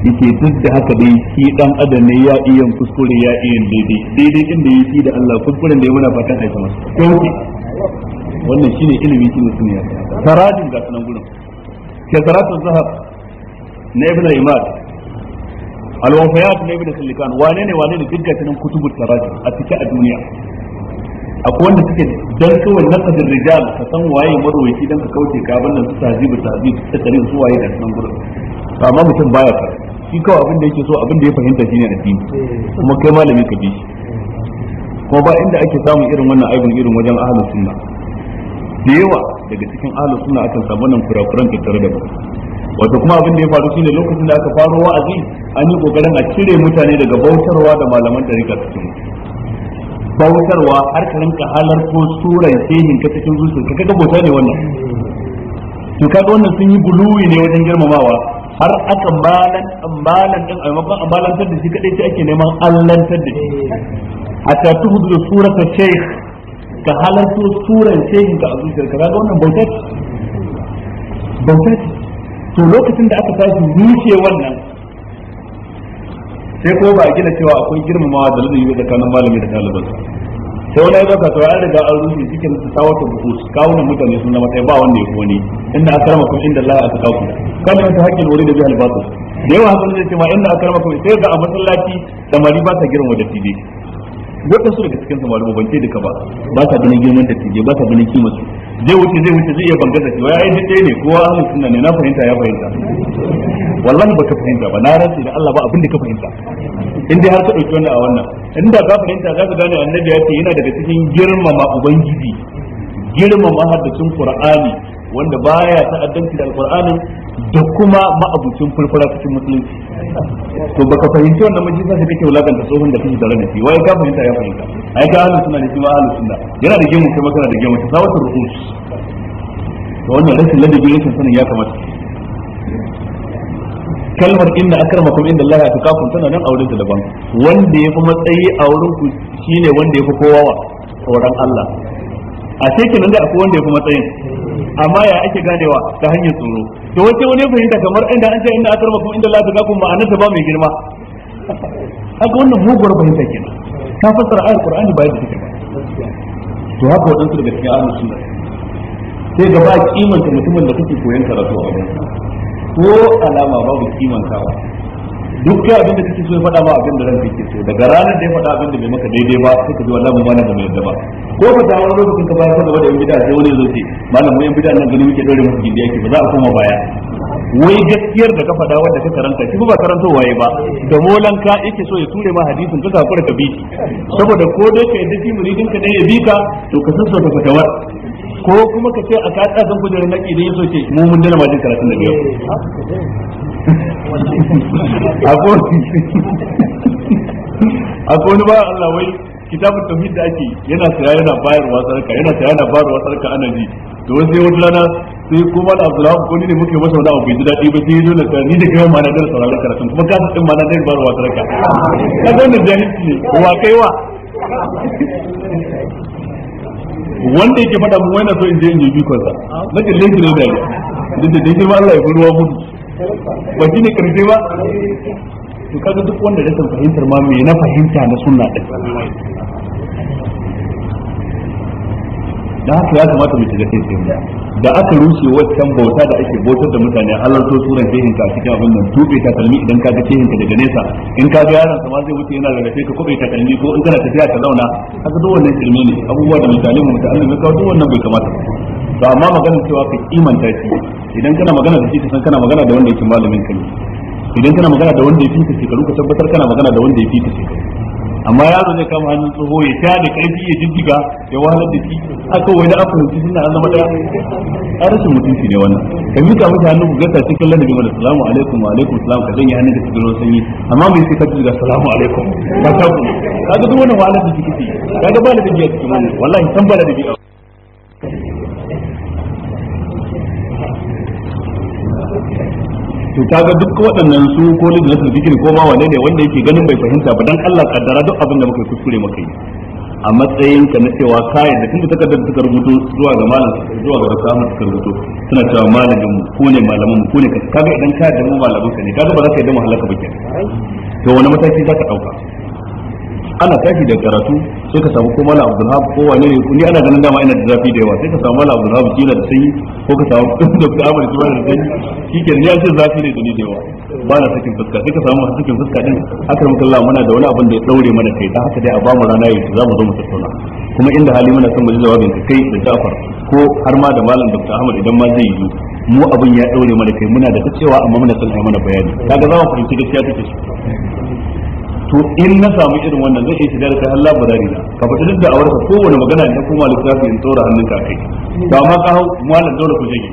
yake duk da haka dai shi dan adam ne ya iya kuskure ya iya daidai daidai inda yake da Allah kuskuren da ya muna fatan aika masa ko wannan shine ilimi shi ne sunya tarajin ga sunan gurin kasaratu zahab na ibn imad al-wafayat na ibn Sallikan. wane ne wane ne dukkan sunan kutubut tarajin a cikin a duniya akwai wanda suke dan kawai naqadin rijal ka san waye marwayi dan ka kauce ka bannan su tajibu taji ta kare su waye da nan gurin to amma mutum baya ka shi kawai abin da yake so abin da ya fahimta shine addini kuma kai malami ka bi kuma ba inda ake samun irin wannan aibin irin wajen ahlus sunna da yawa daga cikin ahlus sunna akan samu nan kurakuran tattare da mu wato kuma abin da ya faru shine lokacin da aka faro wa'azi an yi kokarin a cire mutane daga bautarwa da malaman dariƙa cikin bautarwa har ka rinka halarto suran shehin ka cikin ka kaga bauta ne wannan to kaga wannan sun yi buluwi ne wajen girmamawa har aka malan malan din a maimakon ambalantar da shi kadai sai ake neman allantar da shi ta tuhudu da surata sheikh ka halarto suran shehin ka a ka kaga wannan bauta ce bauta ce to lokacin da aka tashi rushe wannan sai ko ba a gina cewa akwai girmamawa da ladabi tsakanin malami da ɗaliban sai wani ya zaka to an riga an rushe cikin tsawata kawo na mutane sun na matsayi ba wanda ya Inda a karama kuma inda Allah aka kawo kalmar ta hakkin wuri da bihal batil da yawa hakan zai ce ma karama kuma sai ga a masallaci samari ba ta girma da tibe wata su daga cikin samari ba bance duka ba ba ta ganin girman da tibe ba ta ganin kima su zai wuce zai wuce zai iya bangar cewa ya yi ne kowa ahlus sunna ne na fahimta ya fahimta wallahi baka fahimta ba na rantsi da Allah ba abin da ka fahimta in dai har ka dauki wannan a wannan inda ka fahimta za ka gane annabi ya ce yana daga cikin girmama ubangiji girmama haddacin qur'ani wanda baya ta'addanci da alqur'ani da kuma ma'abucin furfura cikin musulunci to baka fahimci wannan majalisa sai kake da tsohon da kake tare da shi wai ka fahimta ya fahimta ai ka halin suna ne kuma halin suna yana da gemu kai kana da gemu ta sawatar ruhus to wannan rashin ladabi rashin sanin ya kamata kalmar inda akramakum inda Allah ya tukakum tana nan aure wurin daban wanda yafi matsayi a wurin ku shine wanda yafi kowa wa auren Allah a cikin da akwai wanda yafi matsayin amma ya ake ganewa ta hanyar tsoro to wace wani fahimta kamar inda an ce inda akramakum inda Allah ya tukakum ma'anar ta ba mai girma haka wannan muguwar fahimta kenan ka fassara ayar Qur'ani ba yadda take ba to haka wadansu daga cikin ahlus sunna sai gaba kimanta mutumin da kake koyon karatu a wurin ko alama babu kiman kimantawa duk kai abin da kake so ya faɗa ba abin da ranka yake so daga ranar da ya faɗa abin da bai maka daidai ba sai ka ji wallahi ba na da mai yadda ba ko ba ta wani lokacin ka bayar da wani bid'a sai wani zo ce malam mu yan bid'a nan gani muke dore musu gindi yake ba za a koma baya wai gaskiyar da ka faɗa wanda ka karanta shi ba karanto waye ba da molan ka yake so ya ture ma hadisin ka kura ka bi saboda ko dai ka yadda shi muridin ka dai ya bi ka to ka san so ka fitawar ko kuma ka ce a ka tsaya kujera na ƙi da yin soke mu mun dana majin karatun da biyu a kone ba Allah wai kitabun tauhid da ake yana saya yana bayarwa sarka yana saya yana bayarwa sarka ana ji to wai sai wata rana sai kuma da Abdullahi ko ni ne muke masa wani abu bai ji daɗi ba sai dole ka ni da kai ma na dar sauraron karatun kuma ka san ma na dar bayarwa sarka ka wannan jahilci ne wa kai wa wanda yake faɗa mun wani so in je in je bikon na ke shi ne da, duk da jirgin Allah ya ruwa gudu ba shi ne karshe ba to kaga duk wanda rashin fahimtar ma me na fahimta na sunna din da haka ya kamata mu shiga sai sai da aka rushe wancan bauta da ake bautar da mutane Allah so suran shehin ka cikin abin nan tube ta kalmi idan ka ga cikin ka daga nesa in ka ga yaron sa ma zai wuce yana rarrafe ka kobe ta kalmi ko in kana tafiya ka zauna haka duk wannan ilimi ne abubuwa da mutane mu mutane ka duk wannan bai kamata ba amma magana cewa ka imanta shi idan kana magana da shi ka san kana magana da wanda yake malamin ka ne idan kana magana da wanda ya fita shekaru ka tabbatar kana magana da wanda ya fita shekaru amma yaro zai kama hannun tsoho ya ta da karfi ya jijjiga ya wahalar da shi aka wani aka hunci suna an zama daya a rashin mutunci ne wannan ka mika musu hannun ku gasa cikin ladabi wa assalamu alaikum wa alaikum salam ka sanya hannun da cikin ruwan sanyi amma mai sai ka jijjiga assalamu alaikum ba ta ku kaga duk wani wahalar da kike yi kaga ba da biya cikin wannan wallahi san ba da biya to kaga duk waɗannan su ko lidinatul fikr ko ma wane ne wanda yake ganin bai fahimta ba dan Allah kaddara duk abin da muka kuskure muka yi a matsayin ka na cewa kai da tun da takardar suka rubuto zuwa ga malam zuwa ga rasa mu suka rubuto suna cewa malamin mu ko ne malamin mu ko ne kaga idan ka da mu malamin ka ne kaga ba za ka yi da mu halaka ba kenan to wani mataki za ka dauka ana tashi da karatu sai ka samu ko abdul hab ko wani ne ni ana ganin dama ina da zafi da yawa sai ka samu mala abdul hab kila da sai ko ka samu dr amar kuma da sanyi kike ne yace zafi ne da ni da yawa ba na sakin fuska sai ka samu masu sakin fuska din akram kallah muna da wani abin da ya daure mana kai da haka dai a bamu rana yau za mu zo mu tattauna kuma inda hali muna son mu ji jawabin ka kai da Ja'far ko har ma da malam dr ahmad idan ma zai yi mu abin ya daure mana kai muna da ta cewa amma muna son ai mana bayani kaga za mu fahimci gaskiya take to in na samu irin wannan zai iya shiga da kai Allah barari na ka fadi duk da awarka kowane magana ne kuma littafi in tsora ka kai ba ma ka hau mallan dole ku jage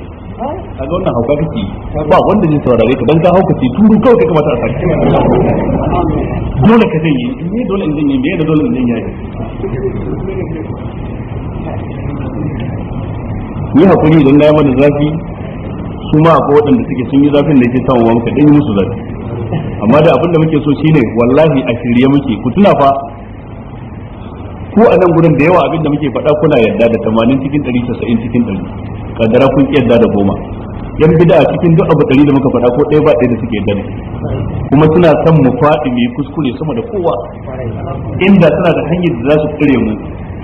a ga wannan hauka kake ba wanda zai saurare ka dan ka hauka ce turu kawai kai kamata a saki dole ka yi me dole in yi me da dole in zan yi hakuri idan na yi mana zafi su ma akwai waɗanda suke sun yi zafin da yake samun wanka dan yi musu zafi amma da abin da muke so shine wallahi a shirye muke ku tuna fa ko a nan gurin da yawa abin da muke faɗa kuna yadda da 80 cikin 100 90 cikin 100 kadara kun yadda da goma yan bid'a cikin duk abu dari da muka faɗa ko ɗaya ba ɗaya da suke gani kuma suna son mu faɗi mai kuskure sama da kowa inda suna da hanyar da za su kure mu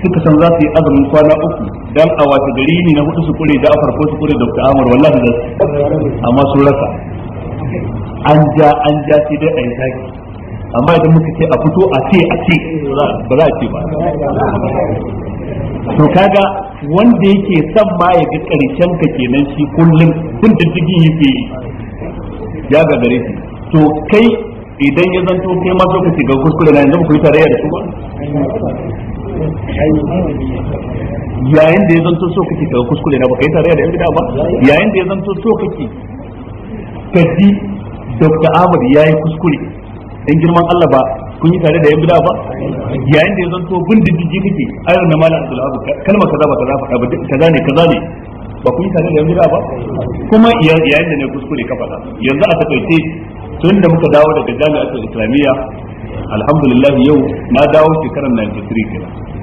suka san za su yi azumin kwana uku dan a wata gari ne na hudu su kure da a farko su kure da Ahmad wallahi da amma sun rasa an ja an ja sai dai a yi zagi amma idan muka ce a fito a ce a ce ba za a ce ba to kaga wanda yake son ma ya ga karshen ka kenan shi kullum tun da jigin yake ya ga gare shi to kai idan ya zanto kai ma ka ga kuskure na yanzu ku yi tarayya da su ba yayin da ya zanto so kake ka kuskure na ka yi tarayya da yan gida ba yayin da ya zanto so kake ka ji dokta ahmad ya yi kuskure dan girman allah ba kun yi tare da yan bida ba yayin da ya zanto bin diddigi kake ayar na malam abdul abu kalmar kaza ba kaza faɗa ba kaza ne kaza ne ba kun yi tare da yan bida ba kuma yayin da ne kuskure ka faɗa yanzu a takaice tun da muka dawo daga jami'ar islamiyya alhamdulillah yau na dawo shekarar 93 kenan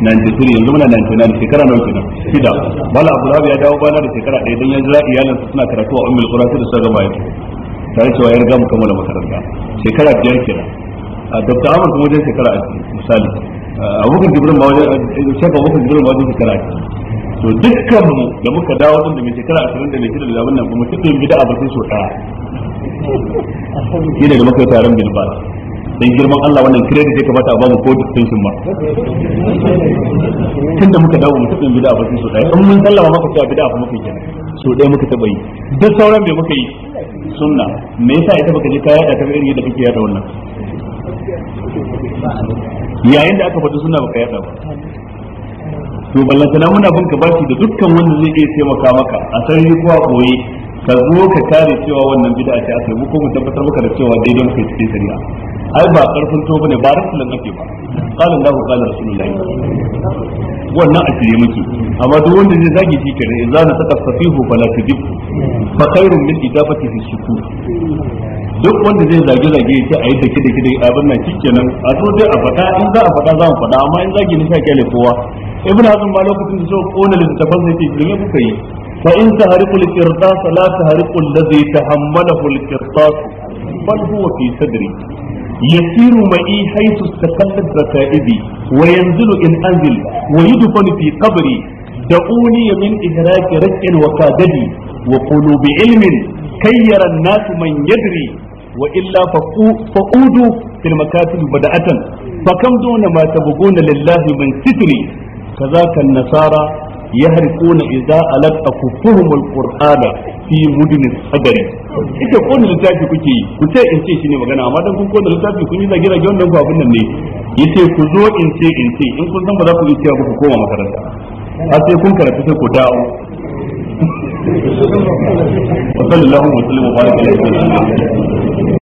93 yanzu muna 99 shekara nawa kenan shida mala abdullahi ya dawo bana da shekara ɗaya dan yanzu za iyalansa suna karatu a ummul qura da suka gama yake tare cewa ya riga mu kammala makaranta shekara biyar kenan a dr amur kuma wajen shekara a misali eh, abokan jibrin ma wajen shekara abokan jibrin ma wajen shekara to dukkan mu da muka dawo din da mai shekara 20 da mai shida da abin nan kuma kitin gida ba sai so ɗaya shi ne da muka yi taron bilbas dan girman Allah wannan credit ya kamata a ba mu ko distinction ba tunda muka dawo mu tafi bid'a ba so dai in mun sallama maka cewa bid'a fa muka kenan so dai muka taba yi duk sauran bai muka yi sunna me yasa ita baka je ka yada ta irin da kake yada wannan yayin da aka faɗi sunna baka yada ba to ballantana muna bin ka bashi da dukkan wanda zai iya taimaka maka a sarari ko a koyi ka zo ka kare cewa wannan bid'a ce aka yi ko mu tabbatar maka da cewa daidai muke cikin shari'a ai ba karfin to bane ba rasulun ke ba qala Allah qala rasulullahi wannan a shirye muke amma duk wanda zai zagi shi kare idza na taqaffafihu fala tudib fa khairun min idafati fi ku. duk wanda zai zage zage ya ce yi da kida kida abin nan shikenan a zo dai a faɗa in za a faɗa za mu faɗa amma in zagi ne sai kai kowa ibn hazm ma lokacin da so kona littafin sai ce me kuka yi فإن تهرق القرطاس لا تهرق الذي تحمله القرطاس بل هو في صدري يسير معي حيث استقلت ركائبي وينزل إن أنزل ويدفن في قبري دعوني من إهراك رجع وكادني وقولوا بعلم كير الناس من يدري وإلا فقودوا في المكاتب بدأة فكم دون ما تبغون لله من ستري كذاك النصارى yahrifuna idza alat akufuhumul qur'ana fi mudun sadari kike kona littafi kuke yi ku ce in ce shine magana amma dan kun kona littafi kun yi zage zage wannan ku abin nan ne yace ku zo in ce in ce in kun san ba za ku yi cewa ku koma makaranta har sai kun karatu sai ku dawo وصلى الله وسلم وبارك على